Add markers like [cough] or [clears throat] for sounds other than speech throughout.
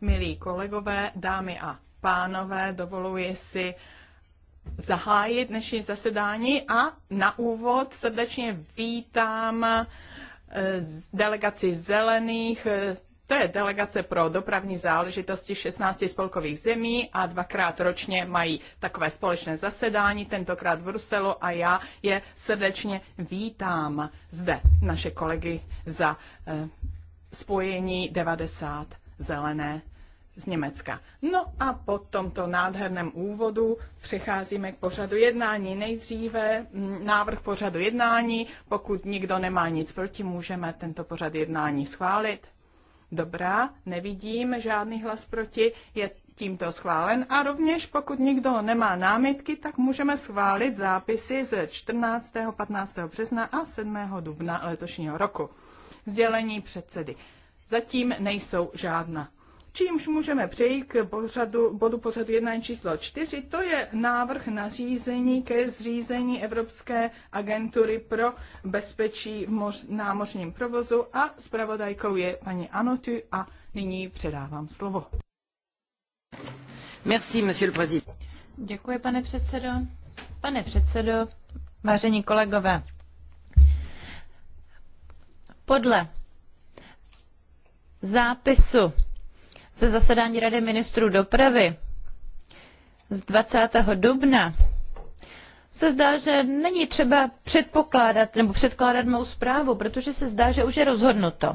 Milí kolegové, dámy a pánové, dovoluji si zahájit dnešní zasedání a na úvod srdečně vítám eh, delegaci zelených, eh, to je delegace pro dopravní záležitosti 16 spolkových zemí a dvakrát ročně mají takové společné zasedání, tentokrát v Bruselu a já je srdečně vítám zde, naše kolegy za eh, spojení 90 zelené z Německa. No a po tomto nádherném úvodu přecházíme k pořadu jednání. Nejdříve mm, návrh pořadu jednání. Pokud nikdo nemá nic proti, můžeme tento pořad jednání schválit. Dobrá, nevidím žádný hlas proti, je tímto schválen a rovněž pokud nikdo nemá námitky, tak můžeme schválit zápisy ze 14. 15. března a 7. dubna letošního roku. Sdělení předsedy. Zatím nejsou žádná. Čímž můžeme přejít k pořadu, bodu pořadu 1 číslo 4, to je návrh na řízení ke zřízení Evropské agentury pro bezpečí v moř, námořním provozu a zpravodajkou je paní Anotu a nyní předávám slovo. Merci, monsieur le président. Děkuji, pane předsedo. Pane předsedo, vážení kolegové, podle zápisu ze zasedání Rady ministrů dopravy z 20. dubna se zdá, že není třeba předpokládat nebo předkládat mou zprávu, protože se zdá, že už je rozhodnuto.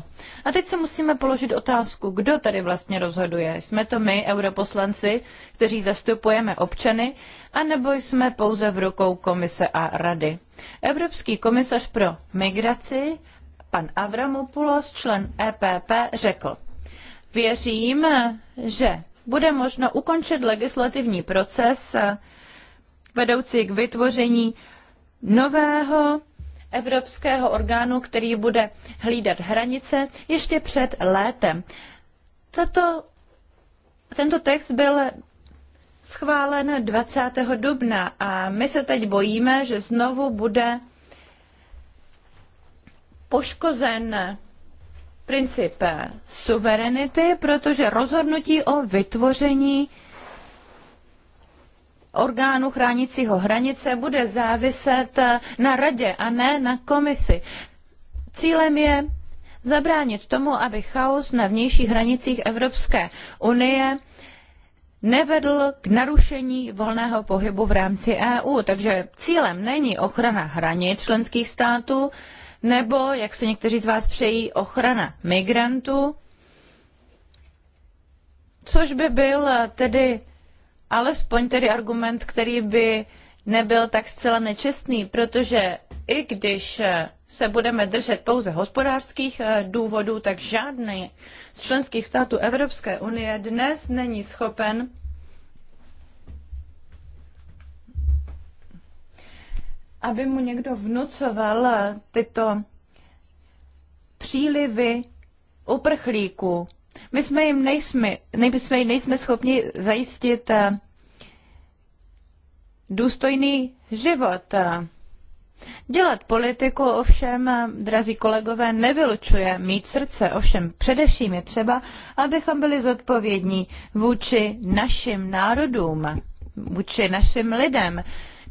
A teď se musíme položit otázku, kdo tady vlastně rozhoduje. Jsme to my, europoslanci, kteří zastupujeme občany, anebo jsme pouze v rukou komise a rady. Evropský komisař pro migraci pan Avramopoulos, člen EPP, řekl. Věřím, že bude možno ukončit legislativní proces vedoucí k vytvoření nového evropského orgánu, který bude hlídat hranice ještě před létem. Tato, tento text byl schválen 20. dubna a my se teď bojíme, že znovu bude poškozen princip suverenity, protože rozhodnutí o vytvoření orgánu chránícího hranice bude záviset na radě a ne na komisi. Cílem je zabránit tomu, aby chaos na vnějších hranicích Evropské unie nevedl k narušení volného pohybu v rámci EU. Takže cílem není ochrana hranic členských států, nebo, jak se někteří z vás přejí, ochrana migrantů, což by byl eh, tedy alespoň tedy argument, který by nebyl tak zcela nečestný, protože i když eh, se budeme držet pouze hospodářských eh, důvodů, tak žádný z členských států Evropské unie dnes není schopen aby mu někdo vnucoval eh, tyto přílivy uprchlíků. My jsme jim nejsme, nejsme, nejsme schopni zajistit eh, důstojný život. Dělat politiku ovšem, eh, drazí kolegové, nevylučuje mít srdce, ovšem především je třeba, abychom byli zodpovědní vůči našim národům, vůči našim lidem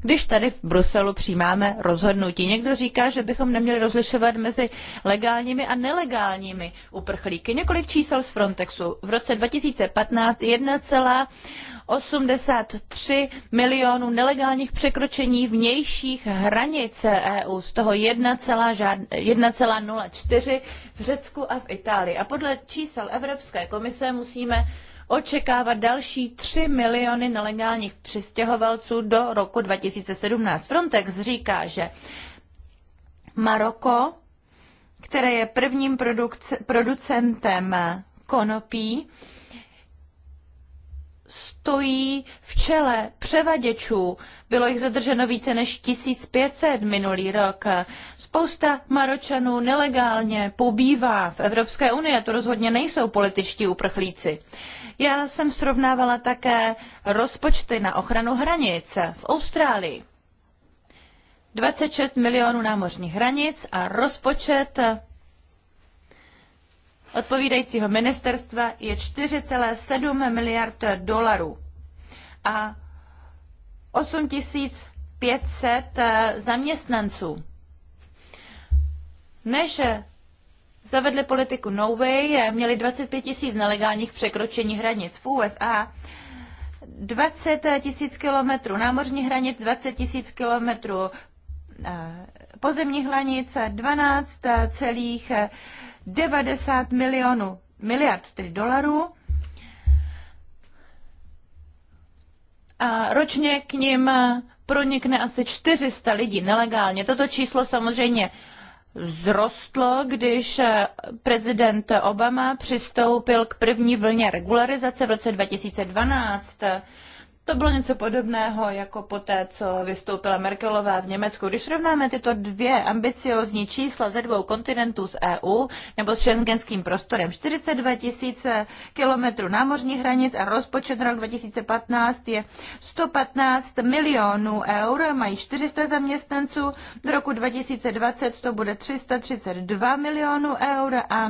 když tady v Bruselu přijímáme rozhodnutí. Někdo říká, že bychom neměli rozlišovat mezi legálními a nelegálními uprchlíky. Několik čísel z Frontexu. V roce 2015 1,83 milionů nelegálních překročení vnějších hranic EU, z toho 1,04 v Řecku a v Itálii. A podle čísel Evropské komise musíme očekávat další 3 miliony nelegálních přistěhovalců do roku 2017. Frontex říká, že Maroko, které je prvním producentem konopí, stojí v čele převaděčů. Bylo jich zadrženo více než 1500 minulý rok. Spousta Maročanů nelegálně pobývá v Evropské unii a to rozhodně nejsou političtí uprchlíci. Já jsem srovnávala také rozpočty na ochranu hranic v Austrálii. 26 milionů námořních hranic a rozpočet odpovídajícího ministerstva je 4,7 miliard dolarů a 8500 eh, zaměstnanců. Než zavedli politiku No Way, měli 25 tisíc nelegálních překročení hranic v USA, 20 tisíc kilometrů námořní hranic, 20 tisíc kilometrů pozemní hranice, 12,90 milionů miliard tedy dolarů. A ročně k ním eh, pronikne asi 400 lidí nelegálně. Toto číslo samozřejmě vzrostlo, když eh, prezident Obama přistoupil k první vlně regularizace v roce 2012. To bylo něco podobného jako po té, co vystoupila Merkelová v Německu. Když rovnáme tyto dvě ambiciozní čísla ze dvou kontinentů z EU nebo s šengenským prostorem 42 tisíce kilometrů námořních hranic a rozpočet rok 2015 je 115 milionů eur, mají 400 zaměstnanců, do roku 2020 to bude 332 milionů eur a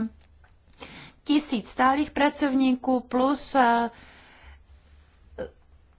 tisíc stálých pracovníků plus eh,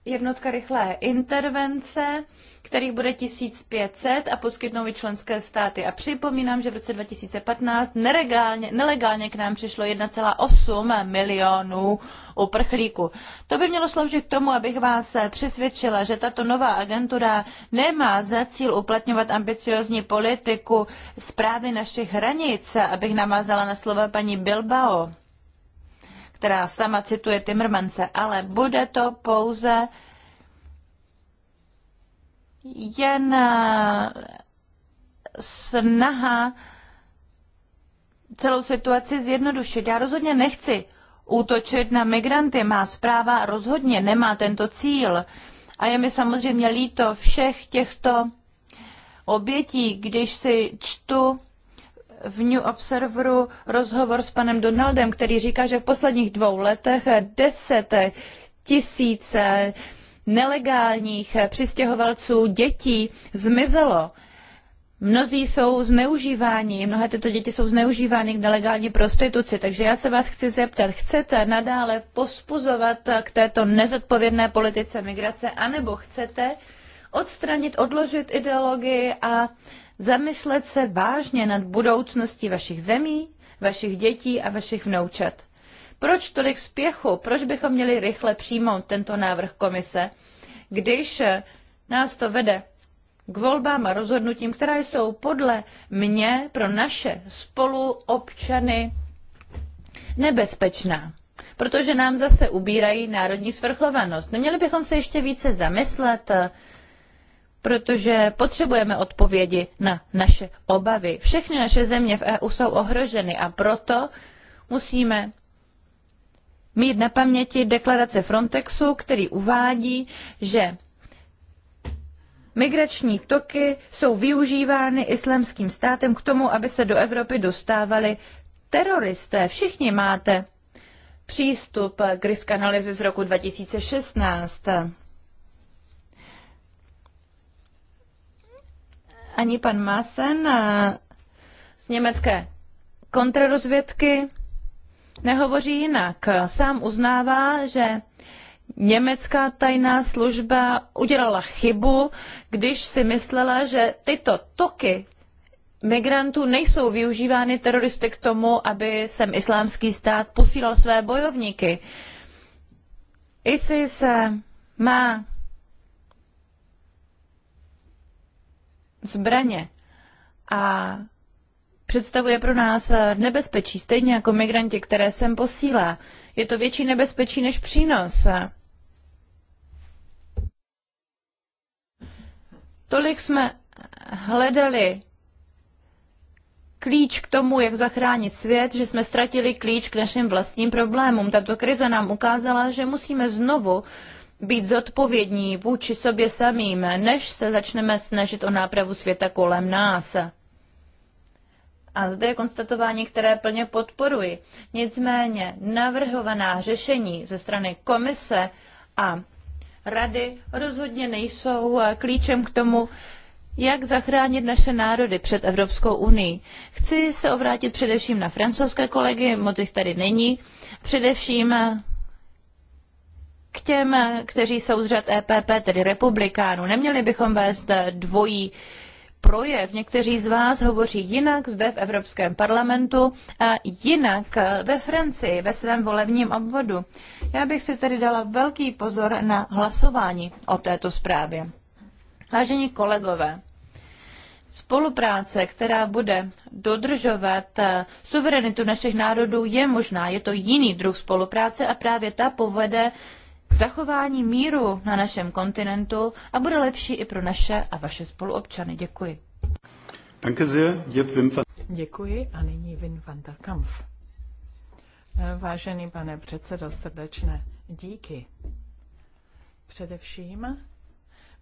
jednotka rychlé intervence, kterých bude 1500 a poskytnou i členské státy. A připomínám, že v roce 2015 nelegálně, nelegálně k nám přišlo 1,8 milionů uprchlíků. To by mělo sloužit k tomu, abych vás přesvědčila, že tato nová agentura nemá za cíl uplatňovat ambiciozní politiku zprávy našich hranic, abych navázala na slova paní Bilbao která sama cituje Timmermanse, ale bude to pouze jen eh, snaha celou situaci zjednodušit. Já rozhodně nechci útočit na migranty. Má zpráva rozhodně nemá tento cíl. A je mi samozřejmě líto všech těchto obětí, když si čtu v New Observeru rozhovor s panem Donaldem, který říká, že v posledních dvou letech deset tisíce nelegálních přistěhovalců dětí zmizelo. Mnozí jsou zneužíváni, mnohé tyto děti jsou zneužívány k nelegální prostituci, takže já se vás chci zeptat, chcete nadále pospuzovat k této nezodpovědné politice migrace, anebo chcete odstranit, odložit ideologii a zamyslet se vážně nad budoucností vašich zemí, vašich dětí a vašich vnoučat. Proč tolik spěchu? Proč bychom měli rychle přijmout tento návrh komise, když nás to vede k volbám a rozhodnutím, která jsou podle mě pro naše spoluobčany nebezpečná? protože nám zase ubírají národní svrchovanost. Neměli bychom se ještě více zamyslet protože potřebujeme odpovědi na naše obavy. Všechny naše země v EU jsou ohroženy a proto musíme mít na paměti deklarace Frontexu, který uvádí, že migrační toky jsou využívány islamským státem k tomu, aby se do Evropy dostávali teroristé. Všichni máte přístup k risk analýzy z roku 2016. ani pan Masen eh, z německé kontrarozvědky nehovoří jinak. Sám uznává, že německá tajná služba udělala chybu, když si myslela, že tyto toky migrantů nejsou využívány teroristy k tomu, aby sem islámský stát posílal své bojovníky. ISIS eh, má zbraně a představuje pro nás nebezpečí, stejně jako migranti, které sem posílá. Je to větší nebezpečí než přínos. Tolik jsme hledali klíč k tomu, jak zachránit svět, že jsme ztratili klíč k našim vlastním problémům. Tato krize nám ukázala, že musíme znovu být zodpovědní vůči sobě samým, než se začneme snažit o nápravu světa kolem nás. A zde je konstatování, které plně podporuji. Nicméně navrhovaná řešení ze strany komise a rady rozhodně nejsou eh, klíčem k tomu, jak zachránit naše národy před Evropskou unii. Chci se obrátit především na francouzské kolegy, moc jich tady není, především eh, k těm, kteří jsou z řad EPP, tedy republikánů, neměli bychom vést dvojí projev. Někteří z vás hovoří jinak zde v Evropském parlamentu a jinak ve Francii, ve svém volebním obvodu. Já bych si tedy dala velký pozor na hlasování o této zprávě. Vážení kolegové, Spolupráce, která bude dodržovat eh, suverenitu našich národů, je možná. Je to jiný druh spolupráce a právě ta povede zachování míru na našem kontinentu a bude lepší i pro naše a vaše spoluobčany. Děkuji. Děkuji a nyní Vin van der Kampf. Vážený pane předsedo, srdečné díky. Především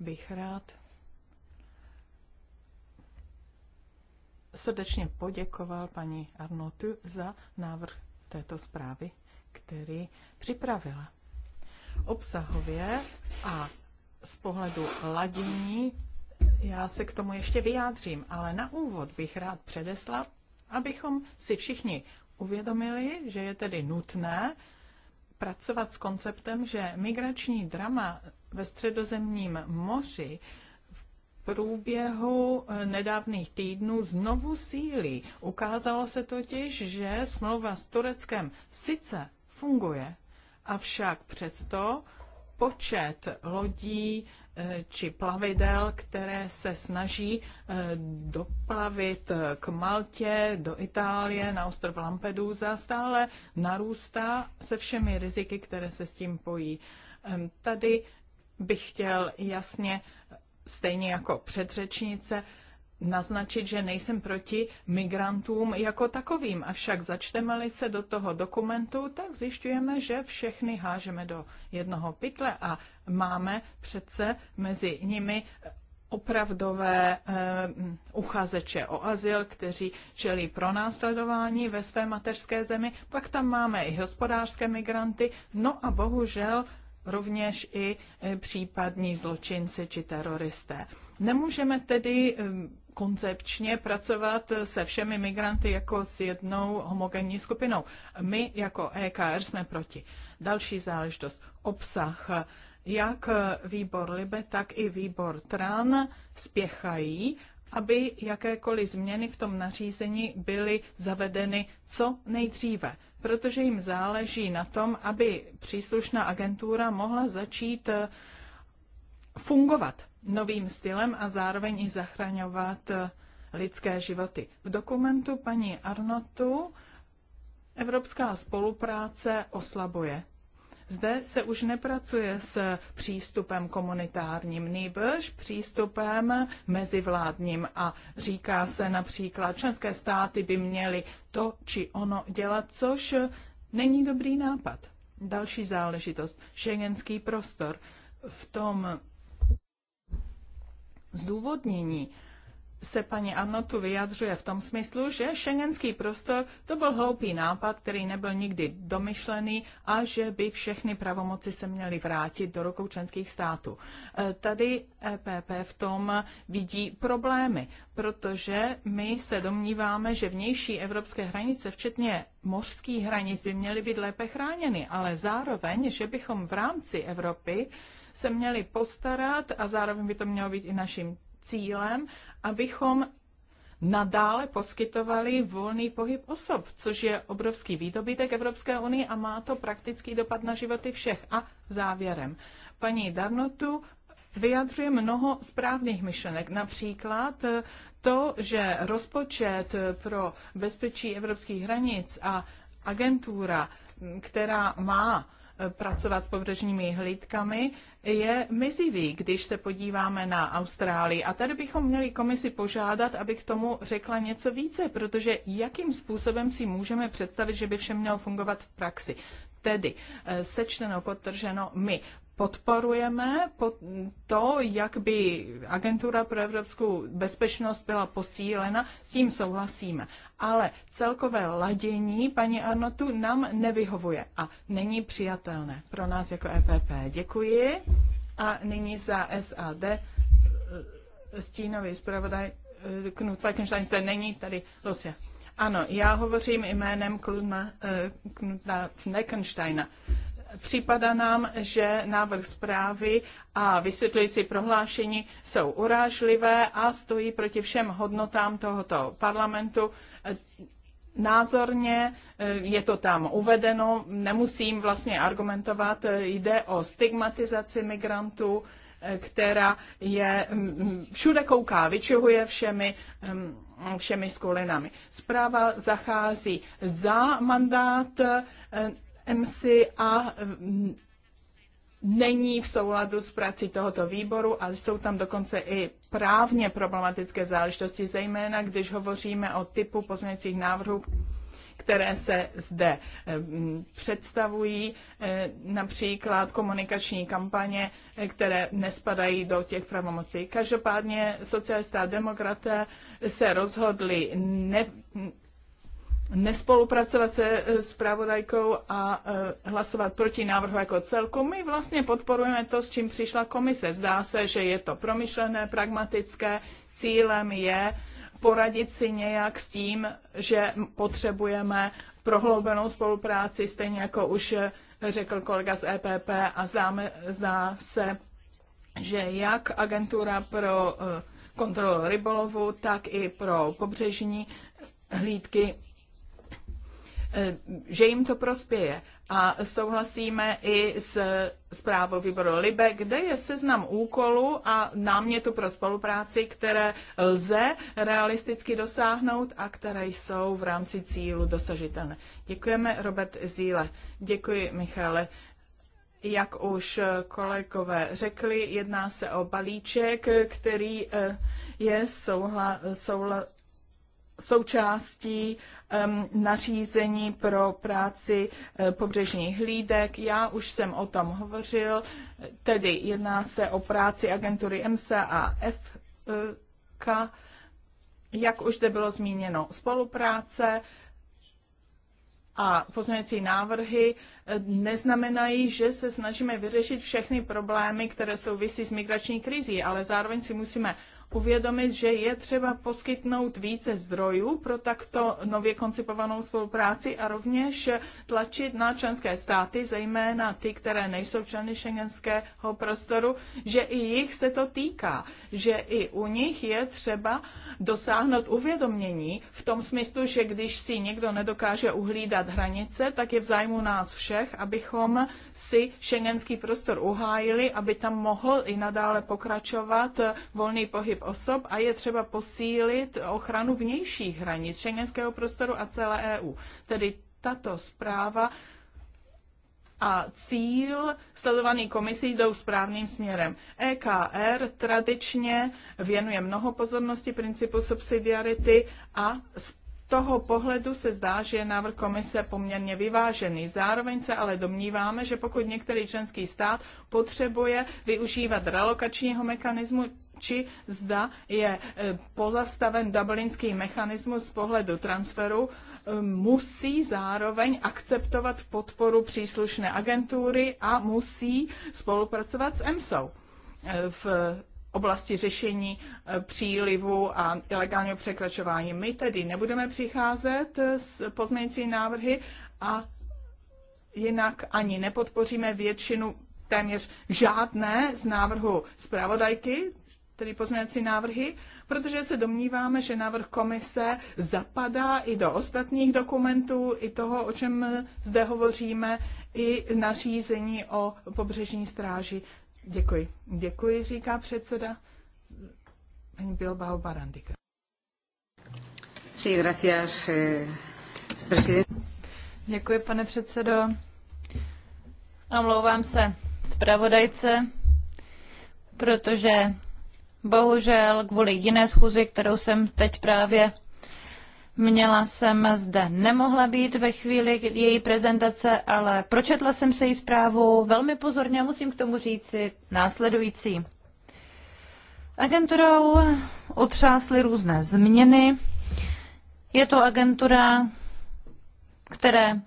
bych rád srdečně poděkoval paní Arnotu za návrh této zprávy, který připravila. Obsahově a z pohledu ladění já se k tomu ještě vyjádřím, ale na úvod bych rád předeslal, abychom si všichni uvědomili, že je tedy nutné pracovat s konceptem, že migrační drama ve středozemním moři průběhu eh, nedávných týdnů znovu sílí. Ukázalo se totiž, že smlouva s Tureckem sice funguje, Avšak přesto počet lodí eh, či plavidel, které se snaží eh, doplavit eh, k Maltě, do Itálie, na ostrov Lampedusa, stále narůstá se všemi riziky, které se s tím pojí. Ehm, tady bych chtěl jasně, stejně jako předřečnice, naznačit, že nejsem proti migrantům jako takovým. Avšak začteme-li se do toho dokumentu, tak zjišťujeme, že všechny hážeme do jednoho pytle a máme přece mezi nimi opravdové eh, uchazeče o azyl, kteří čelí následování ve své mateřské zemi. Pak tam máme i hospodářské migranty, no a bohužel rovněž i eh, případní zločinci či teroristé. Nemůžeme tedy eh, koncepčně pracovat se všemi migranty jako s jednou homogenní skupinou. My jako EKR jsme proti. Další záležitost, obsah. Jak výbor Libe, tak i výbor TRAN spěchají, aby jakékoliv změny v tom nařízení byly zavedeny co nejdříve, protože jim záleží na tom, aby příslušná agentura mohla začít fungovat novým stylem a zároveň i zachraňovat eh, lidské životy. V dokumentu paní Arnotu evropská spolupráce oslabuje. Zde se už nepracuje s přístupem komunitárním, nýbrž přístupem mezivládním a říká se například, členské státy by měly to či ono dělat, což není dobrý nápad. Další záležitost, šengenský prostor. V tom zdůvodnění se paní tu vyjadřuje v tom smyslu, že šengenský prostor to byl hloupý nápad, který nebyl nikdy domyšlený a že by všechny pravomoci se měly vrátit do rukou členských států. E, tady EPP v tom vidí problémy, protože my se domníváme, že vnější evropské hranice, včetně mořských hranic, by měly být lépe chráněny, ale zároveň, že bychom v rámci Evropy se měli postarat a zároveň by to mělo být i naším cílem, abychom nadále poskytovali volný pohyb osob, což je obrovský výdobytek Evropské unie a má to praktický dopad na životy všech. A závěrem, paní Darnotu vyjadřuje mnoho správných myšlenek, například eh, to, že rozpočet eh, pro bezpečí evropských hranic a agentura, která má eh, pracovat s pobřežními hlídkami, je mizivý, když se podíváme na Austrálii. A tady bychom měli komisi požádat, aby k tomu řekla něco více, protože jakým způsobem si můžeme představit, že by vše mělo fungovat v praxi. Tedy eh, sečteno, potrženo my podporujeme to, jak by agentura pro evropskou bezpečnost byla posílena, s tím souhlasíme. Ale celkové ladění, paní Arnotu, nám nevyhovuje a není přijatelné pro nás jako EPP. Děkuji. A nyní za SAD eh, stínový zpravodaj eh, Knut Falkenstein zde není, tady Lucia. Ano, já hovořím jménem Kludna, eh, Knuta Fleckensteina. Připadá nám, že návrh zprávy a vysvětlující prohlášení jsou urážlivé a stojí proti všem hodnotám tohoto parlamentu. Názorně eh, je to tam uvedeno, nemusím vlastně argumentovat, eh, jde o stigmatizaci migrantů, eh, která je mm, mm, všude kouká, vyčuhuje všemi, mm, všemi skulinami. Zpráva zachází za mandát MC a mm, není v souladu s prací tohoto výboru a jsou tam dokonce i právně problematické záležitosti, zejména když hovoříme o typu pozměňujících návrhů, které se zde eh, mm, představují, eh, například komunikační kampaně, eh, které nespadají do těch pravomocí. Každopádně socialisté a demokraté se rozhodli ne, nespolupracovat se eh, s pravodajkou a eh, hlasovat proti návrhu jako celku. My vlastně podporujeme to, s čím přišla komise. Zdá se, že je to promyšlené, pragmatické. Cílem je poradit si nějak s tím, že potřebujeme prohloubenou spolupráci, stejně jako už eh, řekl kolega z EPP a zdáme, zdá se, že jak agentura pro kontrolu rybolovu, tak i pro pobřežní hlídky že jim to prospěje. A souhlasíme i s zprávou výboru Libe, kde je seznam úkolů a námětu pro spolupráci, které lze realisticky dosáhnout a které jsou v rámci cílu dosažitelné. Děkujeme, Robert Zíle. Děkuji, Michale. Jak už kolegové řekli, jedná se o balíček, který eh, je souhlas. souhla, součástí um, nařízení pro práci uh, pobřežních hlídek. Já už jsem o tom hovořil, tedy jedná se o práci agentury EMSA a FK. Jak už zde bylo zmíněno, spolupráce a pozměňující návrhy uh, neznamenají, že se snažíme vyřešit všechny problémy, které souvisí s migrační krizí, ale zároveň si musíme uvědomit, že je třeba poskytnout více zdrojů pro takto nově koncipovanou spolupráci a rovněž tlačit na členské státy, zejména ty, které nejsou členy šengenského prostoru, že i jich se to týká, že i u nich je třeba dosáhnout uvědomění v tom smyslu, že když si někdo nedokáže uhlídat hranice, tak je v zájmu nás všech, všech, abychom si šengenský prostor uhájili, aby tam mohl i nadále pokračovat volný pohyb osob a je třeba posílit ochranu vnějších hranic šengenského prostoru a celé EU. Tedy tato zpráva a cíl sledovaný komisí jdou správným směrem. EKR tradičně věnuje mnoho pozornosti principu subsidiarity a toho pohledu se zdá, že je návrh komise poměrně vyvážený. Zároveň se ale domníváme, že pokud některý členský stát potřebuje využívat relokačního mechanismu, či zda je e, pozastaven dublinský mechanismus z pohledu transferu, e, musí zároveň akceptovat podporu příslušné agentury a musí spolupracovat s EMSO. E, v oblasti řešení eh, přílivu a ilegálního překračování. My tedy nebudeme přicházet s pozměňující návrhy a jinak ani nepodpoříme většinu téměř žádné z návrhu zpravodajky, tedy pozměňující návrhy, protože se domníváme, že návrh komise zapadá i do ostatních dokumentů, i toho, o čem zde hovoříme, i nařízení o pobřežní stráži. Děkuji. Děkuji, říká předseda. Paní Bilbao Barandika. Sí, gracias, eh, Děkuji, pane předsedo. Omlouvám se zpravodajce, protože bohužel kvůli jiné schůzi, kterou jsem teď právě Měla jsem zde, nemohla být ve chvíli její prezentace, ale pročetla jsem se její zprávu velmi pozorně a musím k tomu říci následující. Agenturou otřásly různé změny. Je to agentura, které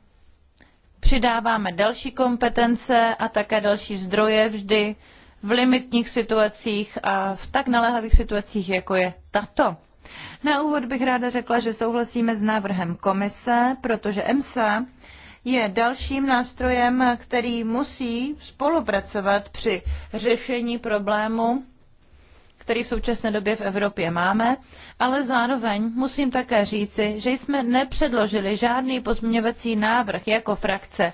přidáváme další kompetence a také další zdroje vždy v limitních situacích a v tak naléhavých situacích, jako je tato. Na úvod bych ráda řekla, že souhlasíme s návrhem komise, protože EMSA je dalším nástrojem, který musí spolupracovat při řešení problému, který v současné době v Evropě máme, ale zároveň musím také říci, že jsme nepředložili žádný pozměňovací návrh jako frakce,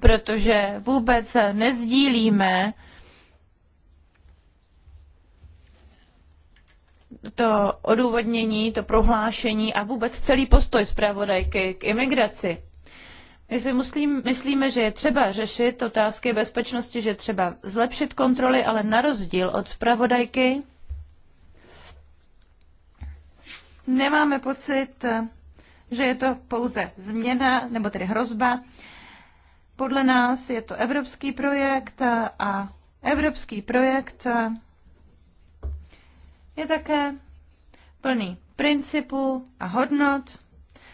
protože vůbec nezdílíme to odůvodnění, to prohlášení a vůbec celý postoj zpravodajky k imigraci. My si muslím, myslíme, že je třeba řešit otázky bezpečnosti, že třeba zlepšit kontroly, ale na rozdíl od zpravodajky nemáme pocit, že je to pouze změna, nebo tedy hrozba. Podle nás je to evropský projekt a evropský projekt je také plný principů a hodnot,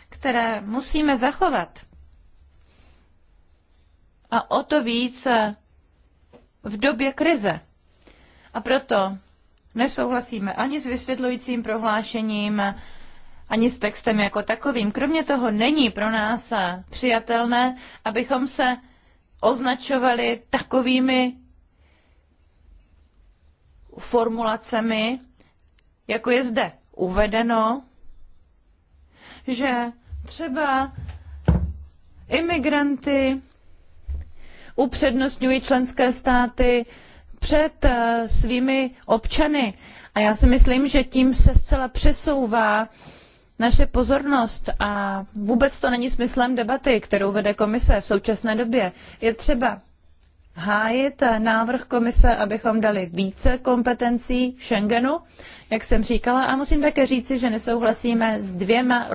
které musíme zachovat. A o to více v době krize. A proto nesouhlasíme ani s vysvětlujícím prohlášením, ani s textem jako takovým. Kromě toho není pro nás přijatelné, abychom se označovali takovými formulacemi, jako je zde uvedeno, že třeba imigranty upřednostňují členské státy před eh, svými občany. A já si myslím, že tím se zcela přesouvá naše pozornost a vůbec to není smyslem debaty, kterou vede komise v současné době. Je třeba hájit návrh komise, abychom dali více kompetencí Schengenu, jak jsem říkala, a musím také říci, že nesouhlasíme s dvěma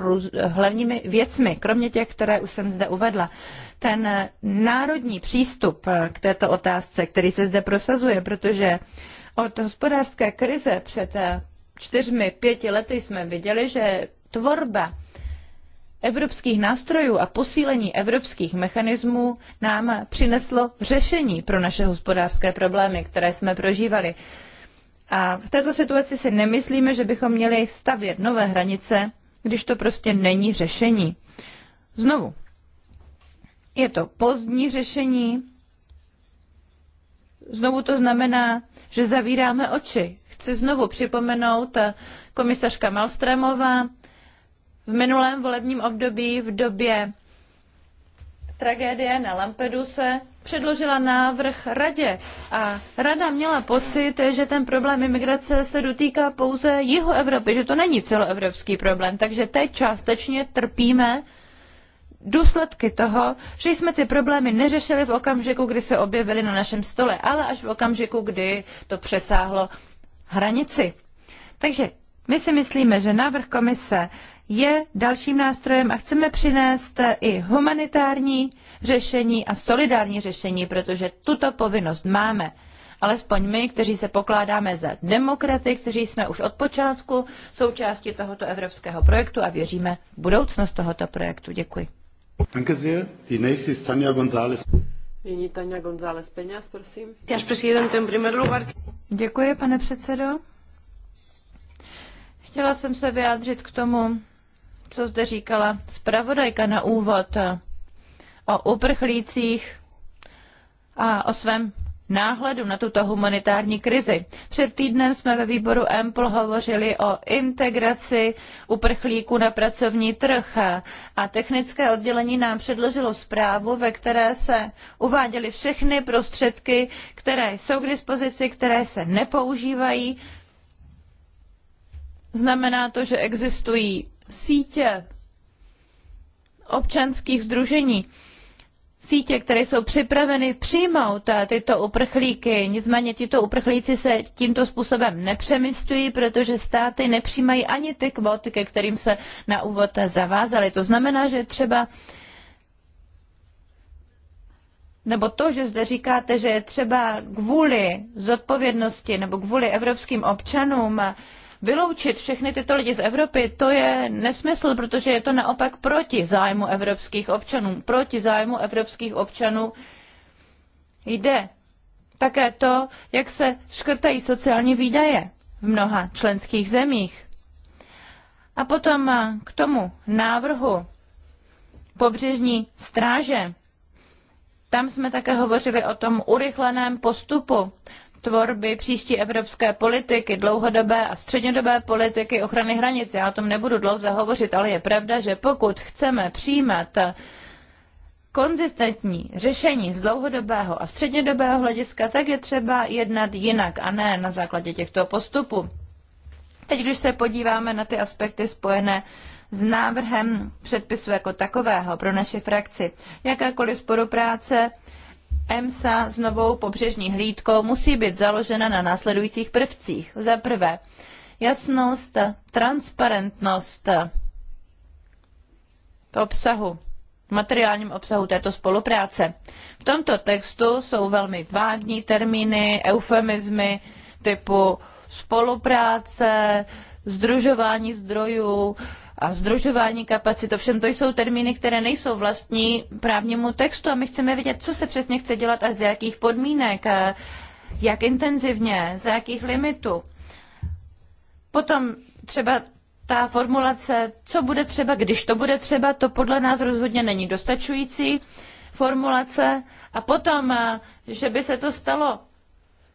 hlavními věcmi, kromě těch, které už jsem zde uvedla. Ten národní přístup k této otázce, který se zde prosazuje, protože od hospodářské krize před čtyřmi, pěti lety jsme viděli, že tvorba evropských nástrojů a posílení evropských mechanismů nám přineslo řešení pro naše hospodářské problémy, které jsme prožívali. A v této situaci si nemyslíme, že bychom měli stavět nové hranice, když to prostě není řešení. Znovu, je to pozdní řešení. Znovu to znamená, že zavíráme oči. Chci znovu připomenout, eh, komisařka Malstrémová v minulém volebním období v době tragédie na Lampeduse předložila návrh radě a rada měla pocit, že ten problém imigrace se dotýká pouze jihu Evropy, že to není celoevropský problém, takže teď částečně trpíme důsledky toho, že jsme ty problémy neřešili v okamžiku, kdy se objevily na našem stole, ale až v okamžiku, kdy to přesáhlo hranici. Takže my si myslíme, že návrh komise je dalším nástrojem a chceme přinést i humanitární řešení a solidární řešení, protože tuto povinnost máme. Alespoň my, kteří se pokládáme za demokraty, kteří jsme už od počátku součástí tohoto evropského projektu a věříme v budoucnost tohoto projektu. Děkuji. Tanja González. Děkuji, pane předsedo. Chtěla jsem se vyjádřit k tomu, co zde říkala zpravodajka na úvod o uprchlících a o svém náhledu na tuto humanitární krizi. Před týdnem jsme ve výboru EMPL hovořili o integraci uprchlíků na pracovní trh a technické oddělení nám předložilo zprávu, ve které se uváděly všechny prostředky, které jsou k dispozici, které se nepoužívají Znamená to, že existují sítě občanských združení, sítě, které jsou připraveny přijmout eh, tyto uprchlíky. Nicméně tito uprchlíci se tímto způsobem nepřemysťují, protože státy nepřijímají ani ty kvóty, ke kterým se na úvod zavázaly. To znamená, že třeba nebo to, že zde říkáte, že je třeba kvůli zodpovědnosti nebo kvůli evropským občanům Vyloučit všechny tyto lidi z Evropy, to je nesmysl, protože je to naopak proti zájmu evropských občanů. Proti zájmu evropských občanů jde také to, jak se škrtají sociální výdaje v mnoha členských zemích. A potom eh, k tomu návrhu pobřežní stráže. Tam jsme také hovořili o tom urychleném postupu tvorby příští evropské politiky, dlouhodobé a střednědobé politiky ochrany hranic. Já o tom nebudu dlouze hovořit, ale je pravda, že pokud chceme přijímat konzistentní řešení z dlouhodobého a střednědobého hlediska, tak je třeba jednat jinak a ne na základě těchto postupů. Teď, když se podíváme na ty aspekty spojené s návrhem předpisu jako takového pro naši frakci, jakákoliv spolupráce EMSA s novou pobřežní hlídkou musí být založena na následujících prvcích. Za prvé, jasnost, transparentnost obsahu, materiálním obsahu této spolupráce. V tomto textu jsou velmi vágní termíny, eufemizmy typu spolupráce, združování zdrojů, a združování kapacit. Ovšem to jsou termíny, které nejsou vlastní právnímu textu a my chceme vědět, co se přesně chce dělat a z jakých podmínek, a jak intenzivně, za jakých limitů. Potom třeba ta formulace, co bude třeba, když to bude třeba, to podle nás rozhodně není dostačující formulace. A potom, že by se to stalo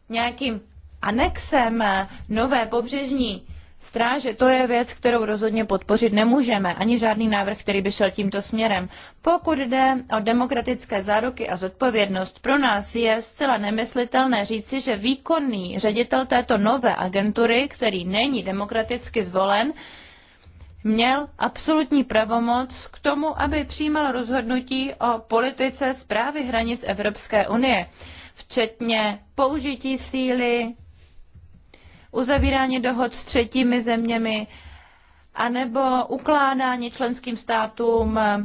nějakým anexem nové pobřežní stráže, to je věc, kterou rozhodně podpořit nemůžeme, ani žádný návrh, který by šel tímto směrem. Pokud jde o demokratické záruky a zodpovědnost, pro nás je zcela nemyslitelné říci, že výkonný ředitel této nové agentury, který není demokraticky zvolen, měl absolutní pravomoc k tomu, aby přijímal rozhodnutí o politice zprávy hranic Evropské unie, včetně použití síly, uzavírání dohod s třetími zeměmi, anebo ukládání členským státům eh,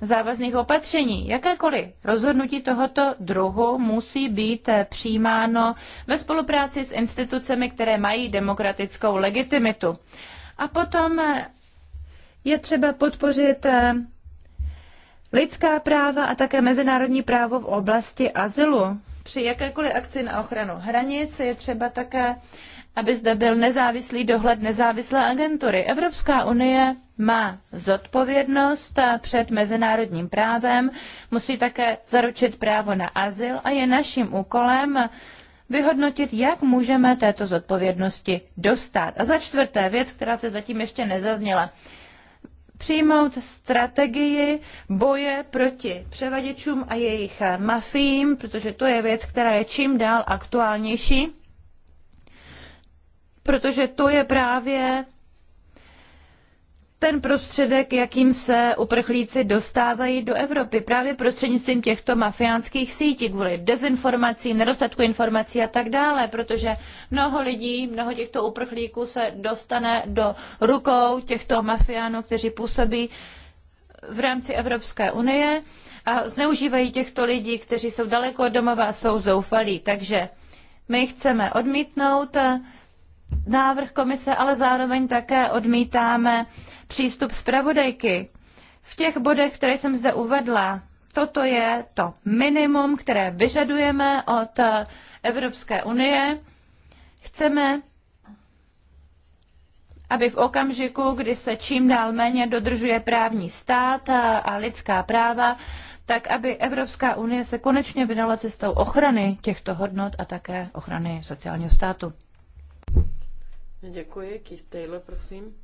závazných opatření. Jakékoliv rozhodnutí tohoto druhu musí být eh, přijímáno ve spolupráci s institucemi, které mají demokratickou legitimitu. A potom eh, je třeba podpořit lidská práva a také mezinárodní právo v oblasti azylu. Při jakékoliv akci na ochranu hranic je třeba také aby zde byl nezávislý dohled nezávislé agentury. Evropská unie má zodpovědnost před mezinárodním právem, musí také zaručit právo na azyl a je naším úkolem vyhodnotit, jak můžeme této zodpovědnosti dostat. A za čtvrté věc, která se zatím ještě nezazněla přijmout strategii boje proti převaděčům a jejich mafiím, protože to je věc, která je čím dál aktuálnější protože to je právě ten prostředek, jakým se uprchlíci dostávají do Evropy. Právě prostřednictvím těchto mafiánských sítí kvůli dezinformacím, nedostatku informací a tak dále, protože mnoho lidí, mnoho těchto uprchlíků se dostane do rukou těchto mafiánů, kteří působí v rámci Evropské unie a zneužívají těchto lidí, kteří jsou daleko od domova a jsou zoufalí. Takže my chceme odmítnout návrh komise, ale zároveň také odmítáme přístup zpravodajky. V těch bodech, které jsem zde uvedla, toto je to minimum, které vyžadujeme od Evropské unie. Chceme, aby v okamžiku, kdy se čím dál méně dodržuje právní stát a lidská práva, tak aby Evropská unie se konečně vydala cestou ochrany těchto hodnot a také ochrany sociálního státu. Děkuji. Keith Taylor, prosím.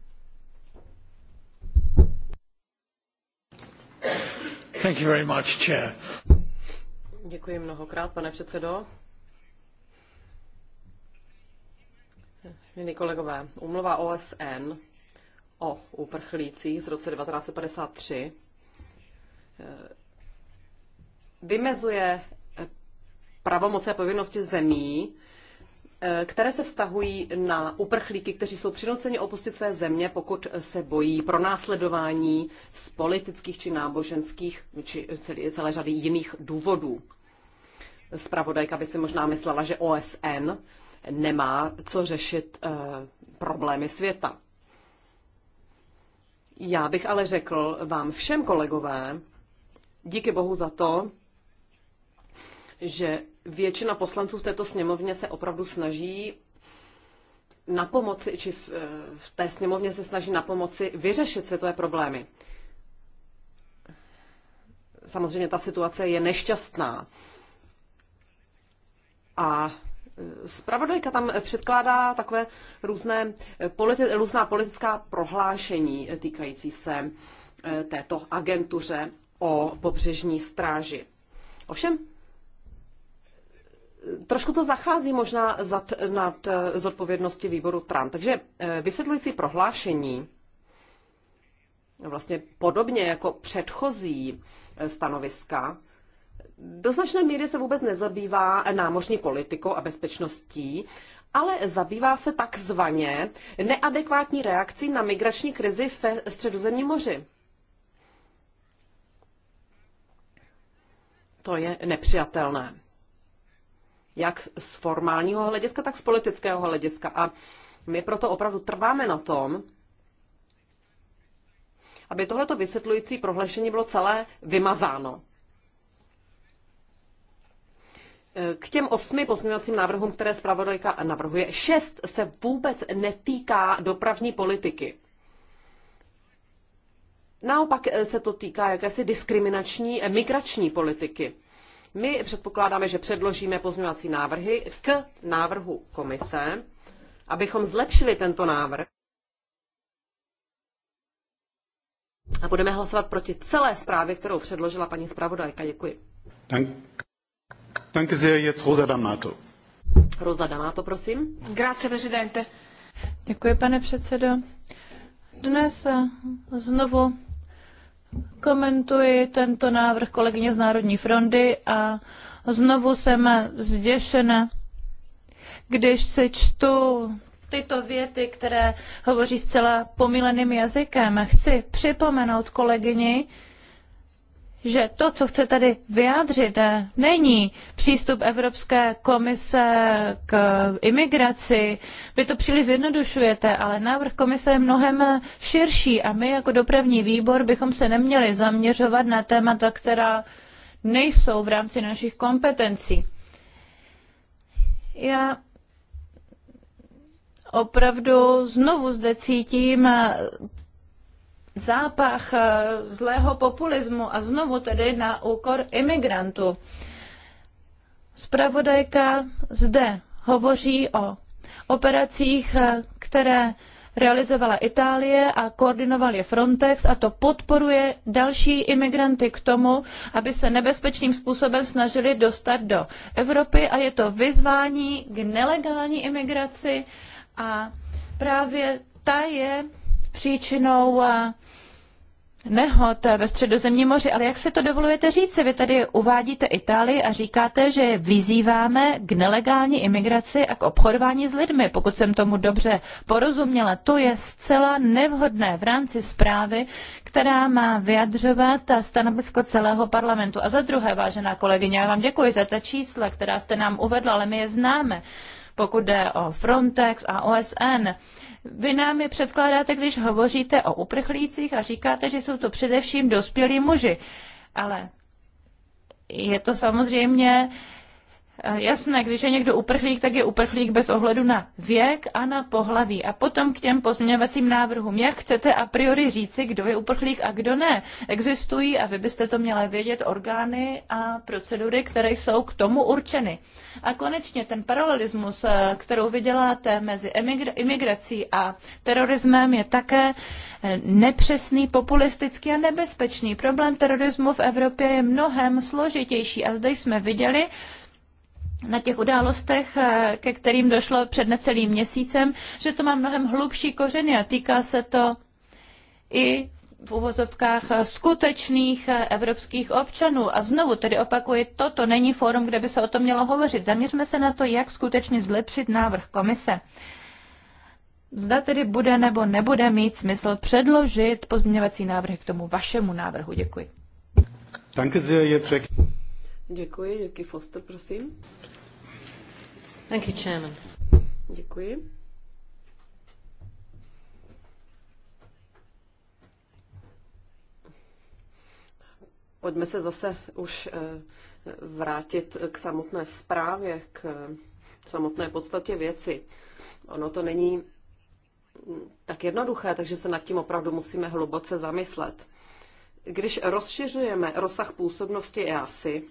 Thank you very much, Chair. Děkuji mnohokrát, pane předsedo. Milí kolegové, umluva OSN o uprchlících z roce 1953 eh, vymezuje pravomoce a povinnosti zemí, Eh, které se vztahují na uprchlíky, kteří jsou přinuceni opustit své země, pokud se bojí pronásledování z politických či náboženských či celé řady jiných důvodů. Spravodajka by si možná myslela, že OSN nemá co řešit e, problémy světa. Já bych ale řekl vám všem kolegové, díky bohu za to, že většina poslanců v této sněmovně se opravdu snaží na pomoci, či v, eh, v té sněmovně se snaží na pomoci vyřešit světové problémy. Samozřejmě ta situace je nešťastná. A Spravodajka eh, tam předkládá takové různé eh, politi- různá politická prohlášení týkající se této agentuře o pobřežní stráži. Ovšem, trošku to zachází možná zad, nad eh, zodpovědnosti výboru TRAN. Takže eh, vysvětlující prohlášení vlastně podobně jako předchozí eh, stanoviska, do značné míry se vůbec nezabývá námořní politikou a bezpečností, ale zabývá se takzvaně neadekvátní reakcí na migrační krizi ve středozemním moři. To je nepřijatelné jak z formálního hlediska, tak z politického hlediska. A my proto opravdu trváme na tom, aby tohleto vysvětlující prohlášení bylo celé vymazáno. K těm osmi pozměňovacím návrhům, které zpravodajka navrhuje, šest se vůbec netýká dopravní politiky. Naopak se to týká jakési diskriminační eh, migrační politiky. My předpokládáme, že předložíme pozměňovací návrhy k návrhu komise, abychom zlepšili tento návrh. A budeme hlasovat proti celé zprávě, kterou předložila paní zpravodajka. Děkuji. Danke sehr, jetzt Rosa D'Amato. Rosa D'Amato, prosím. Grazie, presidente. Děkuji, pane předsedo. Dnes eh, znovu Komentuji tento návrh kolegyně z Národní frondy a znovu jsem zděšena, když si čtu tyto věty, které hovoří zcela pomíleným jazykem. Chci připomenout kolegyni, že to, co chce tady vyjádřit, eh, není přístup Evropské komise k imigraci. Vy to příliš zjednodušujete, ale návrh komise je mnohem širší a my jako dopravní výbor bychom se neměli zaměřovat na témata, která nejsou v rámci našich kompetencí. Já opravdu znovu zde cítím zápach eh, zlého populismu a znovu tedy na úkor imigrantů. Spravodajka zde hovoří o operacích, eh, které realizovala Itálie a koordinoval je Frontex a to podporuje další imigranty k tomu, aby se nebezpečným způsobem snažili dostat do Evropy a je to vyzvání k nelegální imigraci a právě ta je příčinou eh, nehod ve středozemním moři. Ale jak se to dovolujete říci? Vy tady uvádíte Itálii a říkáte, že vyzýváme k nelegální imigraci a k obchodování s lidmi. Pokud jsem tomu dobře porozuměla, to je zcela nevhodné v rámci zprávy, která má vyjadřovat stanovisko celého parlamentu. A za druhé, vážená kolegyně, já vám děkuji za ta čísla, která jste nám uvedla, ale my je známe pokud jde o Frontex a OSN. Vy nám je předkládáte, když hovoříte o uprchlících a říkáte, že jsou to především dospělí muži. Ale je to samozřejmě uh, Eh, jasné, když je někdo uprchlík, tak je uprchlík bez ohledu na věk a na pohlaví. A potom k těm pozměňovacím návrhům. Jak chcete a priori říci, kdo je uprchlík a kdo ne? Existují, a vy byste to měli vědět, orgány a procedury, které jsou k tomu určeny. A konečně ten paralelismus, eh, kterou vyděláte mezi imigrací a terorismem, je také eh, nepřesný, populistický a nebezpečný. Problém terorismu v Evropě je mnohem složitější a zde jsme viděli, na těch událostech, eh, ke kterým došlo před necelým měsícem, že to má mnohem hlubší kořeny a týká se to i v uvozovkách skutečných eh, evropských občanů. A znovu tedy opakuji, toto není fórum, kde by se o tom mělo hovořit. Zaměřme se na to, jak skutečně zlepšit návrh komise. Zda tedy bude nebo nebude mít smysl předložit pozměňovací návrh k tomu vašemu návrhu. Děkuji. Danke sehr, Děkuji, Foster, prosím. Thank you, Chairman. Děkuji. Pojďme se zase už eh, vrátit k samotné zprávě, k eh, samotné podstatě věci. Ono to není mm, tak jednoduché, takže se nad tím opravdu musíme hluboce zamyslet. Když rozšiřujeme rozsah působnosti EASI